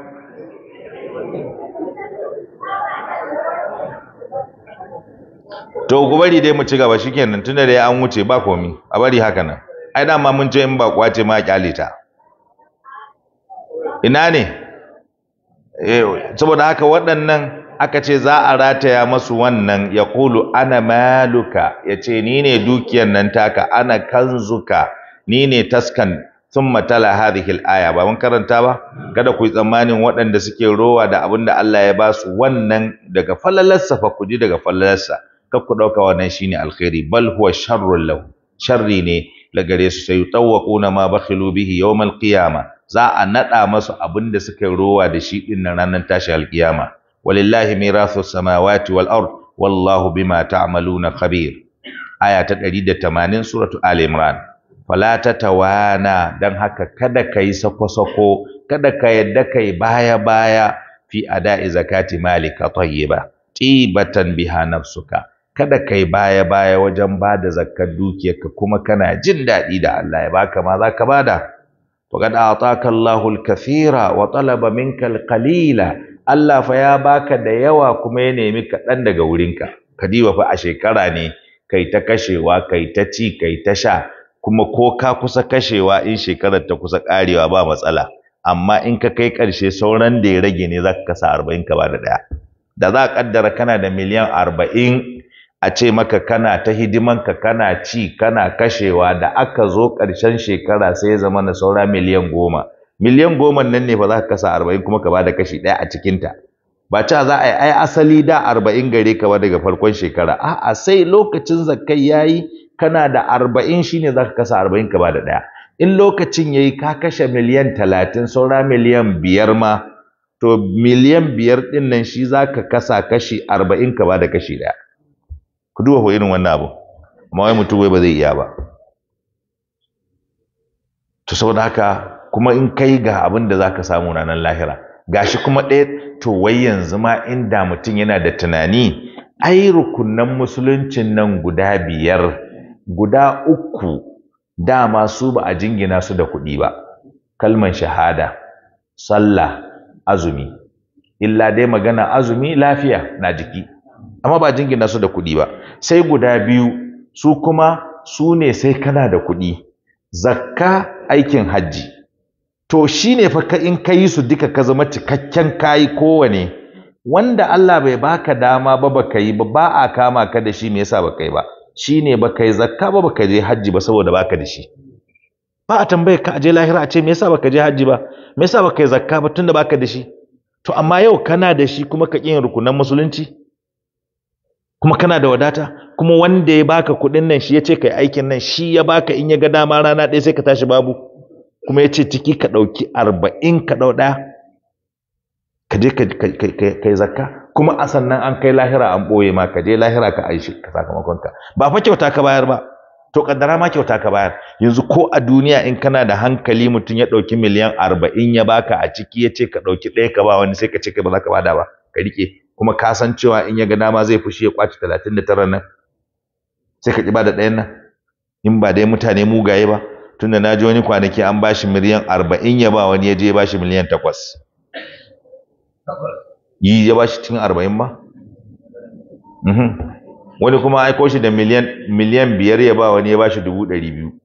to ku bari dai mu ci gaba shikenan tunda dai an wuce ba komi a bari haka nan ai dama mun ce in ba kwace ma kyale ta ina ne eh, saboda haka waɗannan aka ce za a rataya masu wannan ya kulu ana maluka ya ce ni ne dukiyar nan taka ana kanzuka ni ne taskan sun matala hadihil aya ba mun karanta ba kada ku yi tsammanin waɗanda suke rowa da abin da Allah ya ba su wannan daga falalarsa fa ku ji daga falalarsa kar ku ɗauka wannan ne alkhairi bal huwa sharrun lahu sharri ne la gare su sai tawwaquna ma bakhilu bihi yawmal qiyama za a nada masu abin da suka rowa da shi din nan ranar tashi alkiyama walillahi mirasu samawati wal ard wallahu bima ta'maluna khabir aya ta 180 suratu ali imran fala tatawana dan haka kada kai sako-sako kada ka yadda kai baya-baya fi ada'i zakati malika tayyiba tibatan biha nafsuka kada kai baya baya wajen ba da zakkar ka kuma kana jin daɗi da Allah ya baka ma za ka bada wa qad ataka Allahu al wa talaba minka al-qalila Allah fa ya baka da yawa kuma ya nemi kaɗan daga wurinka kadiba fa a shekara ne kai ta kashewa kai ta ci kai ta sha kuma ko ka kusa kashewa in shekarar ta kusa karewa ba matsala amma in ka kai ƙarshe sauran da ya rage ne za ka kasa arba'in ka ba da ɗaya da za a ƙaddara kana da miliyan arba'in a ce maka kana ta hidimanka kana ci kana kashewa da aka zo karshen shekara sai ya zama na saura miliyan goma miliyan goma nan ne fa za ka kasa arba'in kuma ka bada kashi ɗaya a cikinta ba ci za a yi ai asali da arba'in gare ka ba daga farkon shekara a'a sai lokacin zakai ya yi kana da arba'in shi ne za ka kasa arba'in ka bada ɗaya in lokacin ya yi ka kashe miliyan talatin saura miliyan biyar ma to miliyan biyar ɗin nan shi za ka kasa kashi arba'in ka bada kashi ɗaya ku duba fa irin wannan abu amma wai mutum wai ba zai iya ba to saboda haka kuma in kai ga abin da zaka samu na nan lahira gashi kuma ɗaya to wai yanzu ma inda mutum yana da tunani ai rukunan musuluncin nan guda biyar guda uku dama su ba a jingina su da kuɗi ba kalman shahada sallah azumi illa dai magana azumi lafiya na jiki amma ba jingina su da kuɗi ba sai guda biyu su kuma su ne sai kana da kuɗi zakka aikin hajji to shi ne fa in ka yi su duka ka zama cikakken kayi kowane wanda Allah bai baka dama ba baka yi ba ba a kama ka da shi me yasa baka yi ba shi ne baka yi zakka ba baka je hajji ba saboda baka da shi ba a tambaye ka aje lahira a ce me yasa baka je hajji ba me yasa baka yi zakka ba tunda baka da shi to amma yau kana da shi kuma ka kiyin rukunan musulunci kuma kana da wadata kuma wanda ya baka kuɗin nan shi ya ce kai aikin nan shi ya baka in ya ga dama rana ɗaya sai ka tashi babu kuma ya ce ciki ka ɗauki arba'in ka ɗau ɗaya ka je ka yi zakka kuma a sannan an kai lahira an ɓoye ma ka je lahira ka aishi ka sakamakon ka ba fa kyauta ka bayar ba to kaddara ma kyauta ka bayar yanzu ko a duniya in kana da hankali mutum ya ɗauki miliyan arba'in ya baka a ciki ya ce ka ɗauki ɗaya ka ba wani sai ka ce kai ba za ka bada ba ka riƙe kuma ka san cewa in ya ga dama zai fushi ya kwaci talatin da tara nan sai ka ƙi bada da ɗayan nan in ba dai mutane mugaye ba tunda na ji wani kwanaki an ba shi miliyan arba'in ya ba wani ya je ya ba shi miliyan takwas yi ya ba shi cikin arba'in ba mhm. wani kuma aiko shi da miliyan biyar ya ba wani ya ba shi dubu ɗari biyu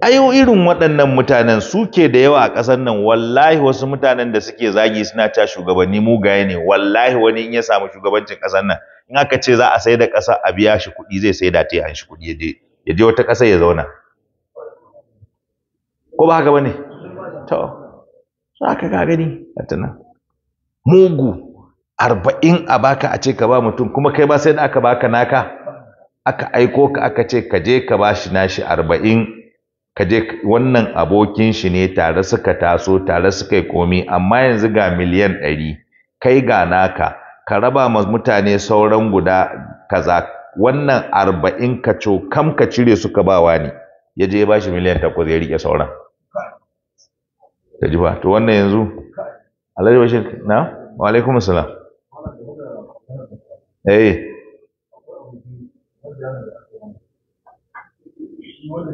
ayo irin waɗannan mutanen suke da yawa a ƙasar nan wallahi wasu mutanen da suke zagi suna ta shugabanni mugaye ne wallahi wani in ya samu shugabancin ƙasar nan in aka ce za a sai da ƙasa a biya shi kuɗi zai sai da tai an shi kuɗi ya je wata ƙasa ya zauna ko ba haka bane to za ka ga gani atana mugu arba'in a baka a ce ka ba mutum kuma kai ba sai da aka baka naka aka aiko ka aka ce ka je ka bashi nashi arba'in ka je wannan abokin shi ne tare suka taso tare suka yi komi amma yanzu ga miliyan ɗari kai ga naka ka raba ma mutane sauran guda kaza wannan arba'in ka co kam ka cire suka bawa ne ya je ba shi miliyan takwas ya rike sauran da ji ba to wannan yanzu alhaji bashir na wa alaikum assalam eh wanda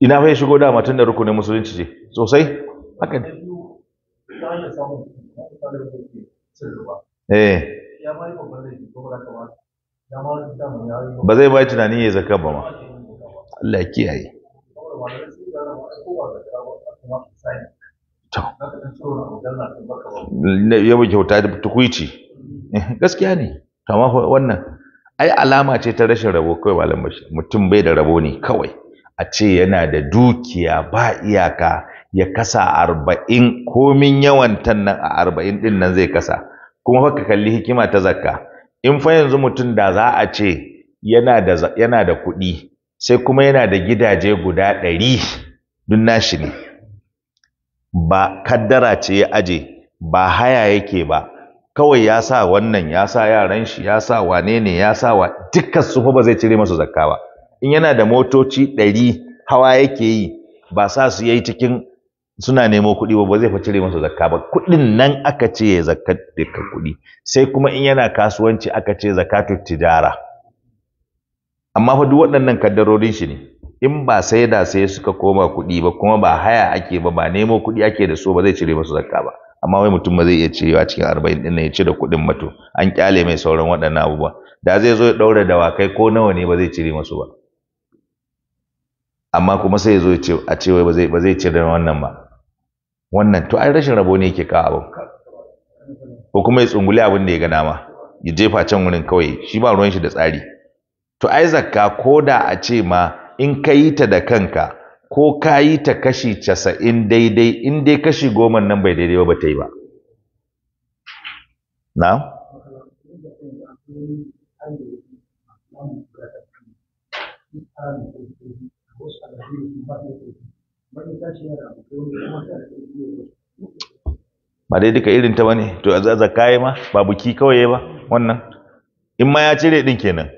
ina fa ya shigo da matan da rukunin musulunci ce sosai haka ne eh. ba zai bai tunani ya zaka ba ma Allah ya kiyaye yau kyauta da tukuici eh, gaskiya ne to amma wannan ai alama ce ta rashin rabo kawai malam bashir mutum bai da rabo ne kawai a ce yana da dukiya ba iyaka ya kasa arba'in komin yawan tan nan a arba'in din nan zai kasa kuma fa ka kalli hikima ta zakka in fa yanzu mutum da za a ce yana da yana da kuɗi sai kuma yana da gidaje guda ɗari duk nashi ne ba kaddara ce ya aje ba haya yake ba kawai ya sa wannan ya sa yaran shi ya sa wane ne ya sa wa dukkan su fa ba zai cire masu zakka ba in yana da motoci ɗari hawa yake yi ba sa su yayi cikin suna nemo kuɗi ba ba zai fa cire masu zakka ba kuɗin nan aka ce ya zakka kuɗi sai kuma in yana kasuwanci aka ce zakatu tijara amma fa duk waɗannan kaddarorin shi ne in ba sai da sai suka koma kuɗi ba kuma ba haya ake ba ba nemo kuɗi ake da so ba zai cire masu zakka ba amma wai mutum ba zai iya cirewa cikin arba'in ɗin ya da kuɗin mato an kyale mai sauran waɗannan abubuwa da zai zo ya ɗaura dawakai ko nawa ne ba zai cire masu ba amma kuma sai ya zo a ce wai ba zai cire wannan ba wannan to ai rashin rabo ne yake kawo abin. ko kuma ya tsunguli abin da ya ga ma ya jefa can wurin kawai shi ba ruwan shi da tsari to ai zakka ko da a ce ma in ka yi ta da kanka ko ka yi ta kashi casa'in daidai in dai kashi goma nan bai daidai ba ta yi ba na? ba dai duka irin ta wani to a kayi ma ba buki kawai ba wannan in ma ya cire din kenan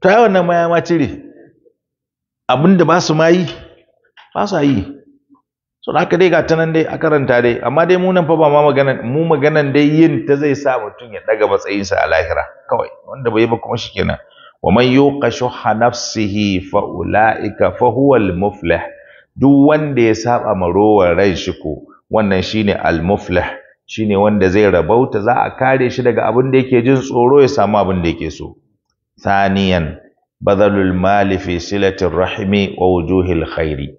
Ta yi wannan ma ya ma cire abinda ba su ma yi ba sa yi so da aka dai ga ta nan dai a karanta dai amma dai mu nan fa ba ma magana. mu maganan dai yin ta zai sa mutum ya daga matsayinsa a lahira kawai wanda bai ba kuma shikenan wa man yuqashu nafsihi fa ulaika fa huwa al muflih duk wanda ya saba marowar rai shi ko wannan shine al muflih shine wanda zai rabauta za a kare shi daga abin da yake jin tsoro ya samu abin da yake so Saniyan, badalul mali fi silatir rahimi wa wujuhil khairi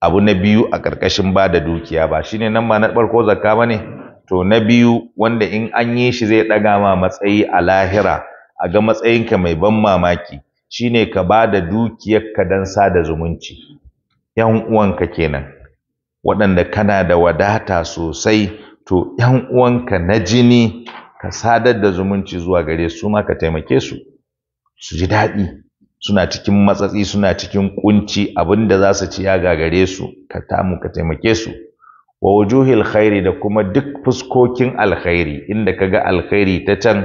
abu na biyu a ƙarƙashin ba da dukiya ba shine nan ba na ɓarko zakka ba ne to na biyu wanda in an yi shi zai ɗaga ma matsayi a lahira a ga matsayinka mai ban mamaki shine ka ba da dukiyarka don sada zumunci yan uwanka kenan waɗanda kana da wadata sosai to yan uwanka na jini ka sadar da zumunci zuwa gare su ma ka taimake su su ji daɗi suna cikin matsatsi suna cikin kunci abinda za su ci ya gagare su ka tamu ka taimake su wa wujuhil khairi da kuma duk fuskokin alkhairi inda kaga alkhairi ta can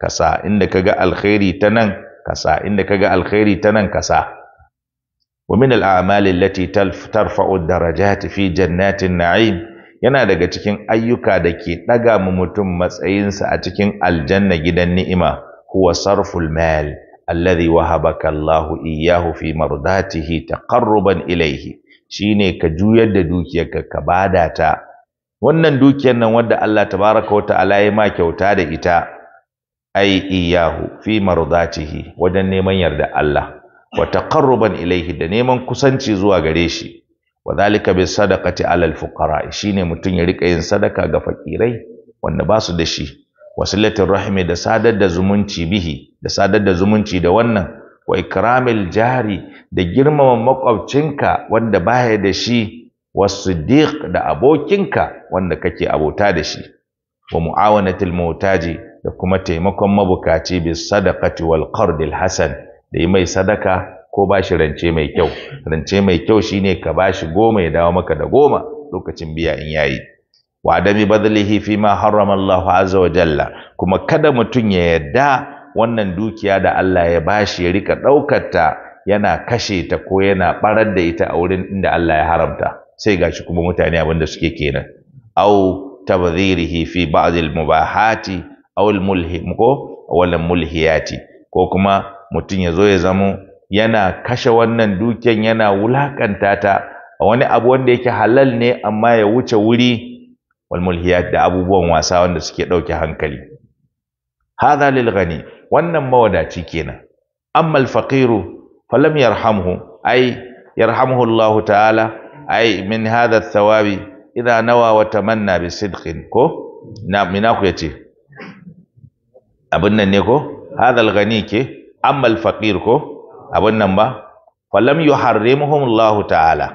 kasa inda kaga alkhairi ta nan kasa inda kaga alkhairi ta nan kasa wa min al'amali allati tarfa'u darajati fi jannatin na'im yana daga cikin ayyuka da ke ɗaga mu mutum matsayinsa a cikin aljanna gidan ni'ima huwa sarful mal alladhi wahabaka Allahu iyyahu fi mardatihi taqarruban ilayhi shine ka juyar da dukiyarka ka bada ta wannan dukiyar nan wanda Allah tabaaraka wa ta'ala ya ma kyauta da ita ai iyahu fi mardatihi wajen neman yarda Allah wa taqarruban ilayhi da neman kusanci zuwa gare shi wa zalika bi sadaqati alal fuqara shine mutun ya rika yin sadaka ga fakirai wanda basu da shi wasilatul rahimi da sadar da zumunci bihi da sadar da zumunci da wannan wa ikramil jari da girmama makwabcinka wanda baya da shi wa siddiq da abokinka wanda kake abota da shi wa mu'awanatil mutaji da kuma taimakon mabukaci bi sadaqati wal qardil hasan da yi mai sadaka ko bashi rance mai kyau rance mai kyau shine ka bashi goma ya dawo maka da goma lokacin biya in yayi wa adami badlihi fi ma harrama Allahu azza wa jalla kuma kada mutun ya yadda wannan dukiya da Allah ya bashi ya rika ɗaukar ta yana kashe ta ko yana barar da ita a wurin inda Allah ya haramta sai gashi kuma mutane abin da suke kenan au tabdhirihi fi ba'd al-mubahati aw al mulhi ko wal mulhiyati ko kuma mutum ya zo ya zamo yana kashe wannan dukiyan yana wulakanta ta a wani abu wanda yake halal ne amma ya wuce wuri wal mulhiyat da abubuwan wasa wanda suke ɗauke hankali hadha lil ghani wannan mawadaci kenan amma alfaqiru falam yarhamhu ai yarhamhu Allah ta'ala ai min hadha thawabi idha nawa wa tamanna bi sidqin ko na mina ku yace abin nan ne ko hadha alghani ke amma alfaqir ko abin nan ba falam yuharrimuhum Allah ta'ala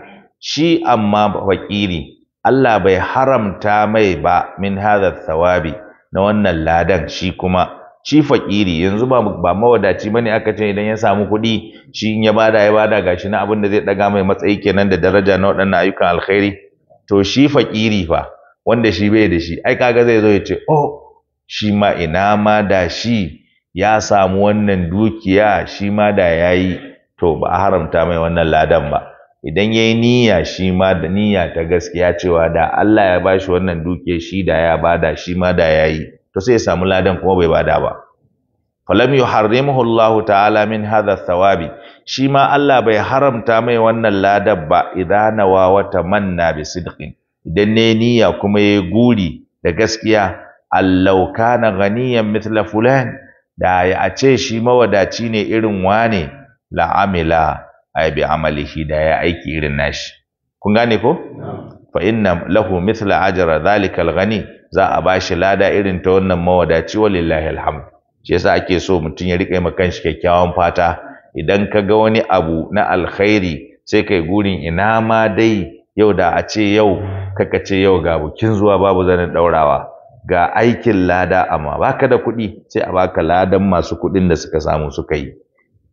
shi amma faqiri Allah bai haramta mai ba min hadha thawabi na wannan ladan shi kuma shi fakiri yanzu ba ba mawadaci bane aka ce idan ya samu kuɗi shi in ya bada ya bada gashi na abin da zai daga mai matsayi kenan da daraja na waɗannan ayyukan alkhairi to shi fakiri fa wanda shi bai da shi ai kaga zai zo ya ce oh shi ma ina ma da shi ya samu wannan dukiya shi ma da yayi to ba a haramta mai wannan ladan ba idan yayi niyya shi ma da niyya ta gaskiya cewa da Allah ya bashi wannan dukiya shi da ya bada shi ma da yayi to sai ya samu ladan kuma bai bada ba falam yuharrimuhu Allah ta'ala min hadha thawabi shi ma Allah bai haramta mai wannan ladan ba idan nawa man tamanna bi sidqin idan ne niyya kuma yayi guri da gaskiya allau kana ganiyan mithla fulan da ya ce shi mawadaci ne irin wane la'amila ay bi amalihi da ya aiki irin nashi kun gane ko fa inna lahu mithla ajra dhalika al-ghani za a ba shi lada irin ta wannan mawadaci walillahi alhamd shi yasa ake so mutum ya rike ma kanshi kyakkyawan fata idan ka ga wani abu na alkhairi sai kai gurin ina ma dai yau da a ce yau kaka ce yau ga bukin zuwa babu zanin daurawa ga aikin lada amma baka da kuɗi sai a baka ladan masu kuɗin da suka samu suka yi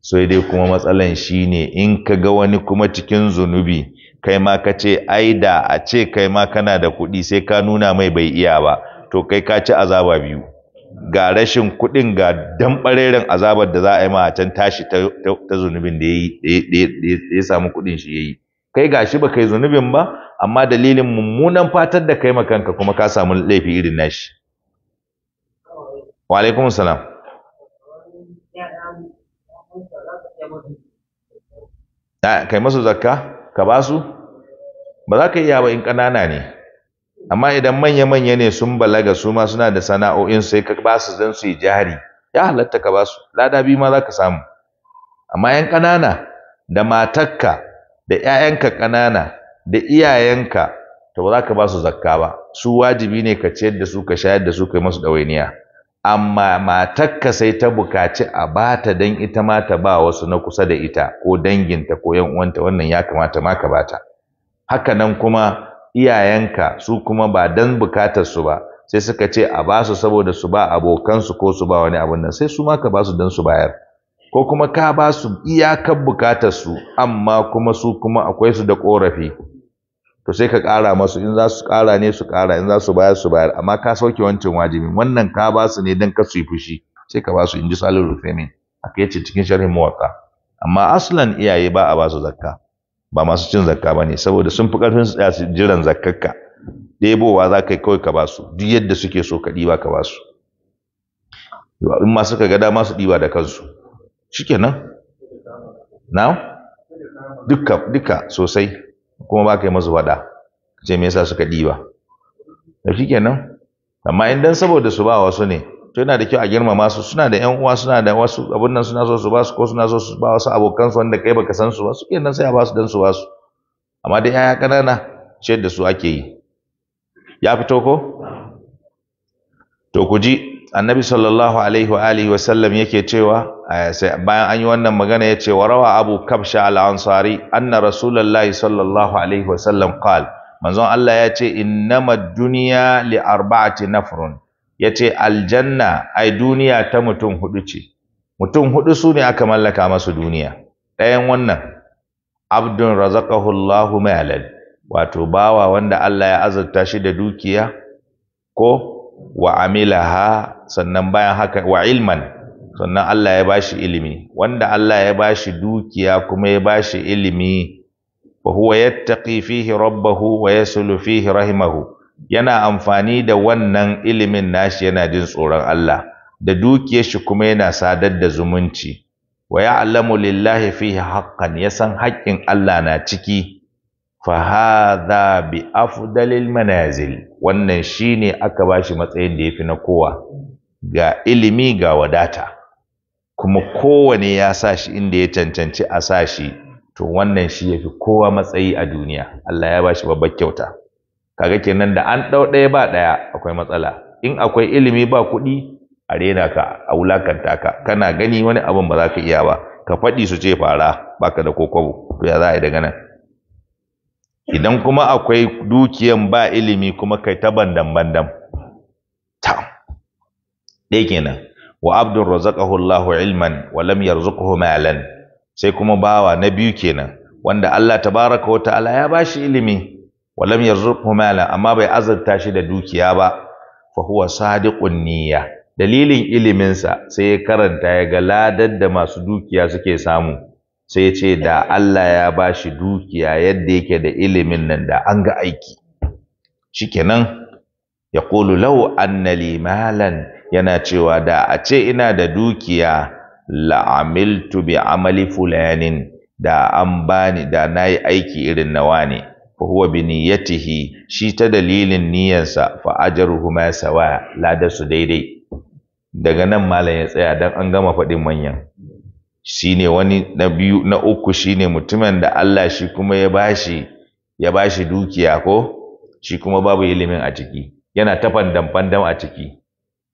sai dai kuma matsalan shine in ka ga wani kuma cikin zunubi kai ma ka ce ai da a ce kai ma kana da kuɗi sai ka nuna mai bai iya ba to kai ka ci azaba biyu ga rashin kuɗin ga damɓareren azabar da za a yi ma can tashi ta zunubin da ya samu kuɗin shi ya yi kai ga shi ba kai zunubin ba amma dalilin mummunan fatar da kai makanka kuma ka samu laifi irin nashi wa salam ah, kai masu zakka ka ba su ba za ka iya ba in ƙanana ne amma idan manya-manya ne sun balaga su ma suna da sana'o'in sai ka ba su zan su yi jari ya halatta ka ba su lada biyu ma za ka samu amma yan ƙanana da matakka, da 'ya'yanka ƙanana da iyayenka to ba za ka ba su zakka ba su wajibi ne ka ciyar da su ka shayar da su kai masu ɗawainiya amma matakka sai ta bukaci a ba ta dan ita ma ta ba wasu na kusa da ita ko danginta ko yan uwanta wannan ya kamata ma ka bata haka nan kuma iyayenka su kuma ba dan bukatar su ba sai suka ce a ba su saboda su ba abokansu ko su ba wani abun nan sai su ma ka su dan su bayar ko kuma ka ba su iyakan bukatar su amma kuma su kuma akwai su da korafi to sai ka ƙara masu in za su ƙara ne su ƙara in za su bayar su bayar amma ka sauke wancan wajibi wannan ka ba su ne don ka su yi fushi sai ka ba su in ji salul a kai ce cikin sharhin mawaka amma aslan iyaye ba a ba su zakka ba masu cin zakka ba ne saboda sun fi ƙarfin su jiran zakkarka ɗebowa za ka yi kawai ka ba su duk yadda suke so ka ɗiba ka ba su in ma suka ga dama su ɗiba da kansu shikenan na duka duka sosai kuma ba ka yi masu faɗa kace ce me yasa suka ɗiba da shi kenan amma in dan saboda su ba wasu ne to yana da kyau a girmama su suna da ƴan uwa suna da wasu abun nan suna so su ba su ko suna so su ba wasu abokan su wanda kai baka san su ba su kenan sai a ba su dan su ba su amma dai ƴaƴa ƙanana ce da su ake yi ya fito ko to ku ji annabi sallallahu alaihi wa alihi wa sallam yake cewa eh, bayan an yi wannan magana yace wa rawa abu kabsha al-ansari anna rasulullahi sallallahu alaihi wa sallam qal manzon Allah yace innamad dunya li arba'ati nafrun yace aljanna ai duniya ta mutum hudu ce mutum hudu su ne aka mallaka masu duniya ɗayan wannan abdun razaqahu Allahu malal wato bawa wanda Allah ya azurta shi da dukiya ko wa amilaha sannan bayan haka wa ilman sannan Allah ya bashi ilimi wanda Allah ya bashi dukiya kuma ya bashi ilimi fa huwa yattaqi fihi rabbahu wa yasulu fihi rahimahu yana amfani da wannan ilimin nashi yana jin tsoron Allah da dukiyar shi kuma yana sadar da zumunci wa ya'lamu lillahi fihi haqqan yasan haƙƙin Allah na ciki fa hadha bi afdalil manazil wannan shine aka bashi matsayin da yafi na kowa ga ilimi ga wadata kuma kowane ya sa shi inda ya cancanci a sa shi to wannan shi yafi kowa matsayi a duniya Allah ya bashi babbar kyauta kaga kenan da an dau daya ba daya akwai matsala in akwai ilimi ba kuɗi a rena ka a wulakanta ka kana gani wani abin ba za ka iya ba ka faɗi su ce fara baka da kokobo to ya za a yi daga nan idan kuma akwai dukiyan ba ilimi kuma kai ta bandan bandan ɗaya kenan wa abdul razaqahullahu ilman wa lam yarzuqhu malan sai kuma bawa na biyu kenan wanda Allah tabaraka wa ta'ala ya bashi ilimi wa lam yarzuqhu malan amma bai azurta shi da dukiya ba fa huwa sadiqun niyya dalilin iliminsa sai ya karanta ya ga ladar da masu dukiya suke samu sai ya ce da Allah ya bashi dukiya yadda yake da ilimin nan da an ga aiki shikenan yaqulu law anna li malan yana cewa da a ce ina da dukiya la'amiltu bi amali fulanin da an bani da nayi aiki irin na wane. fa huwa bi niyyatihi shi ta dalilin niyyarsa fa ajruhuma sawa lada su daidai daga nan malam ya tsaya dan an gama faɗin manyan Shi ne wani na biyu na uku ne mutumin da Allah shi kuma ya bashi ya bashi dukiya ko shi kuma babu ilimin a ciki yana tafan damfan a ciki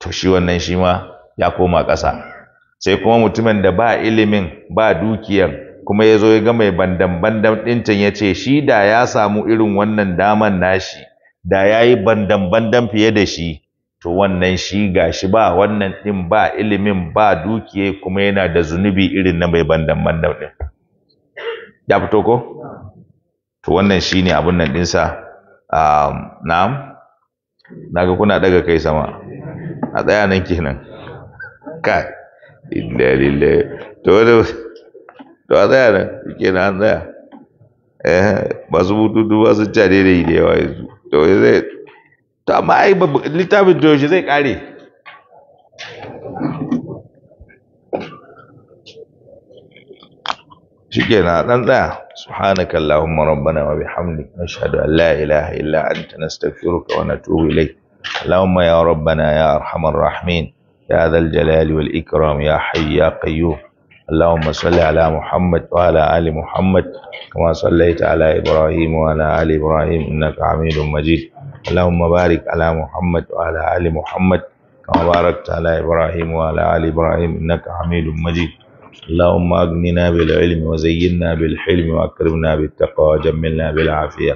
to shi wannan shi ma ya koma ƙasa sai kuma mutumin da ba ilimin ba dukiyar, kuma ya zo ya ga mai bandan-bandan ɗincin ya ce shi da ya samu irin wannan daman nashi da ya yi bandan-bandan fiye da shi to wannan shi ga shi ba wannan ɗin ba ilimin ba dukiye kuma yana da zunubi irin na mai bandan-bandan ɗin ya fito ko? to wannan shi ne abin nan ɗinsa na'am na ga kuna ɗaga kai sama هذا أنا كهنا كا إلا إلا تولو تو هذا أنا كهنا هذا إيه بس بودو دوا سجاري لي ليه وايد تو هذا تو ما أي بب لتابع جوش ذيك علي شكرا لنا سبحانك اللهم ربنا وبحمدك نشهد أن لا إله إلا أنت نستغفرك ونتوب إليك اللهم يا ربنا يا أرحم الراحمين يا ذا الجلال والإكرام يا حي يا قيوم اللهم صل على محمد وعلى آل محمد كما صليت على إبراهيم وعلى آل إبراهيم إنك حميد مجيد اللهم بارك على محمد وعلى آل محمد كما باركت على إبراهيم وعلى آل إبراهيم إنك حميد مجيد اللهم أغننا بالعلم وزينا بالحلم وأكرمنا بالتقوى وجملنا بالعافية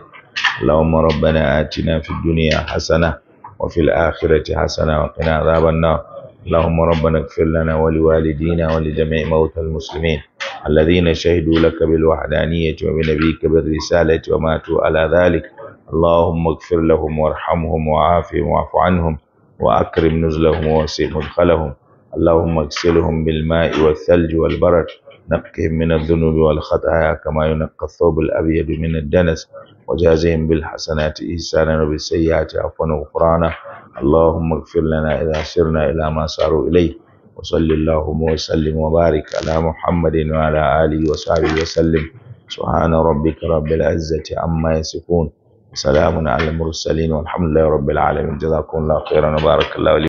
اللهم ربنا آتنا في الدنيا حسنة وفي الآخرة حسنة وقنا عذاب النار اللهم ربنا اغفر لنا ولوالدينا ولجميع موتى المسلمين الذين شهدوا لك بالوحدانية وبنبيك بالرسالة وماتوا على ذلك اللهم اغفر لهم وارحمهم وعافهم واعف عنهم وأكرم نزلهم ووسع مدخلهم اللهم اغسلهم بالماء والثلج والبرد نقهم من الذنوب والخطايا كما ينقى الثوب الأبيض من الدنس وجازهم بالحسنات إحسانا وبالسيئات عفوا وغفرانا اللهم اغفر لنا إذا سرنا إلى ما ساروا إليه وصل اللهم وسلم وبارك على محمد وعلى آله وصحبه وسلم سبحان ربك رب العزة عما يصفون وسلام على المرسلين والحمد لله رب العالمين جزاكم الله خيرا وبارك الله لي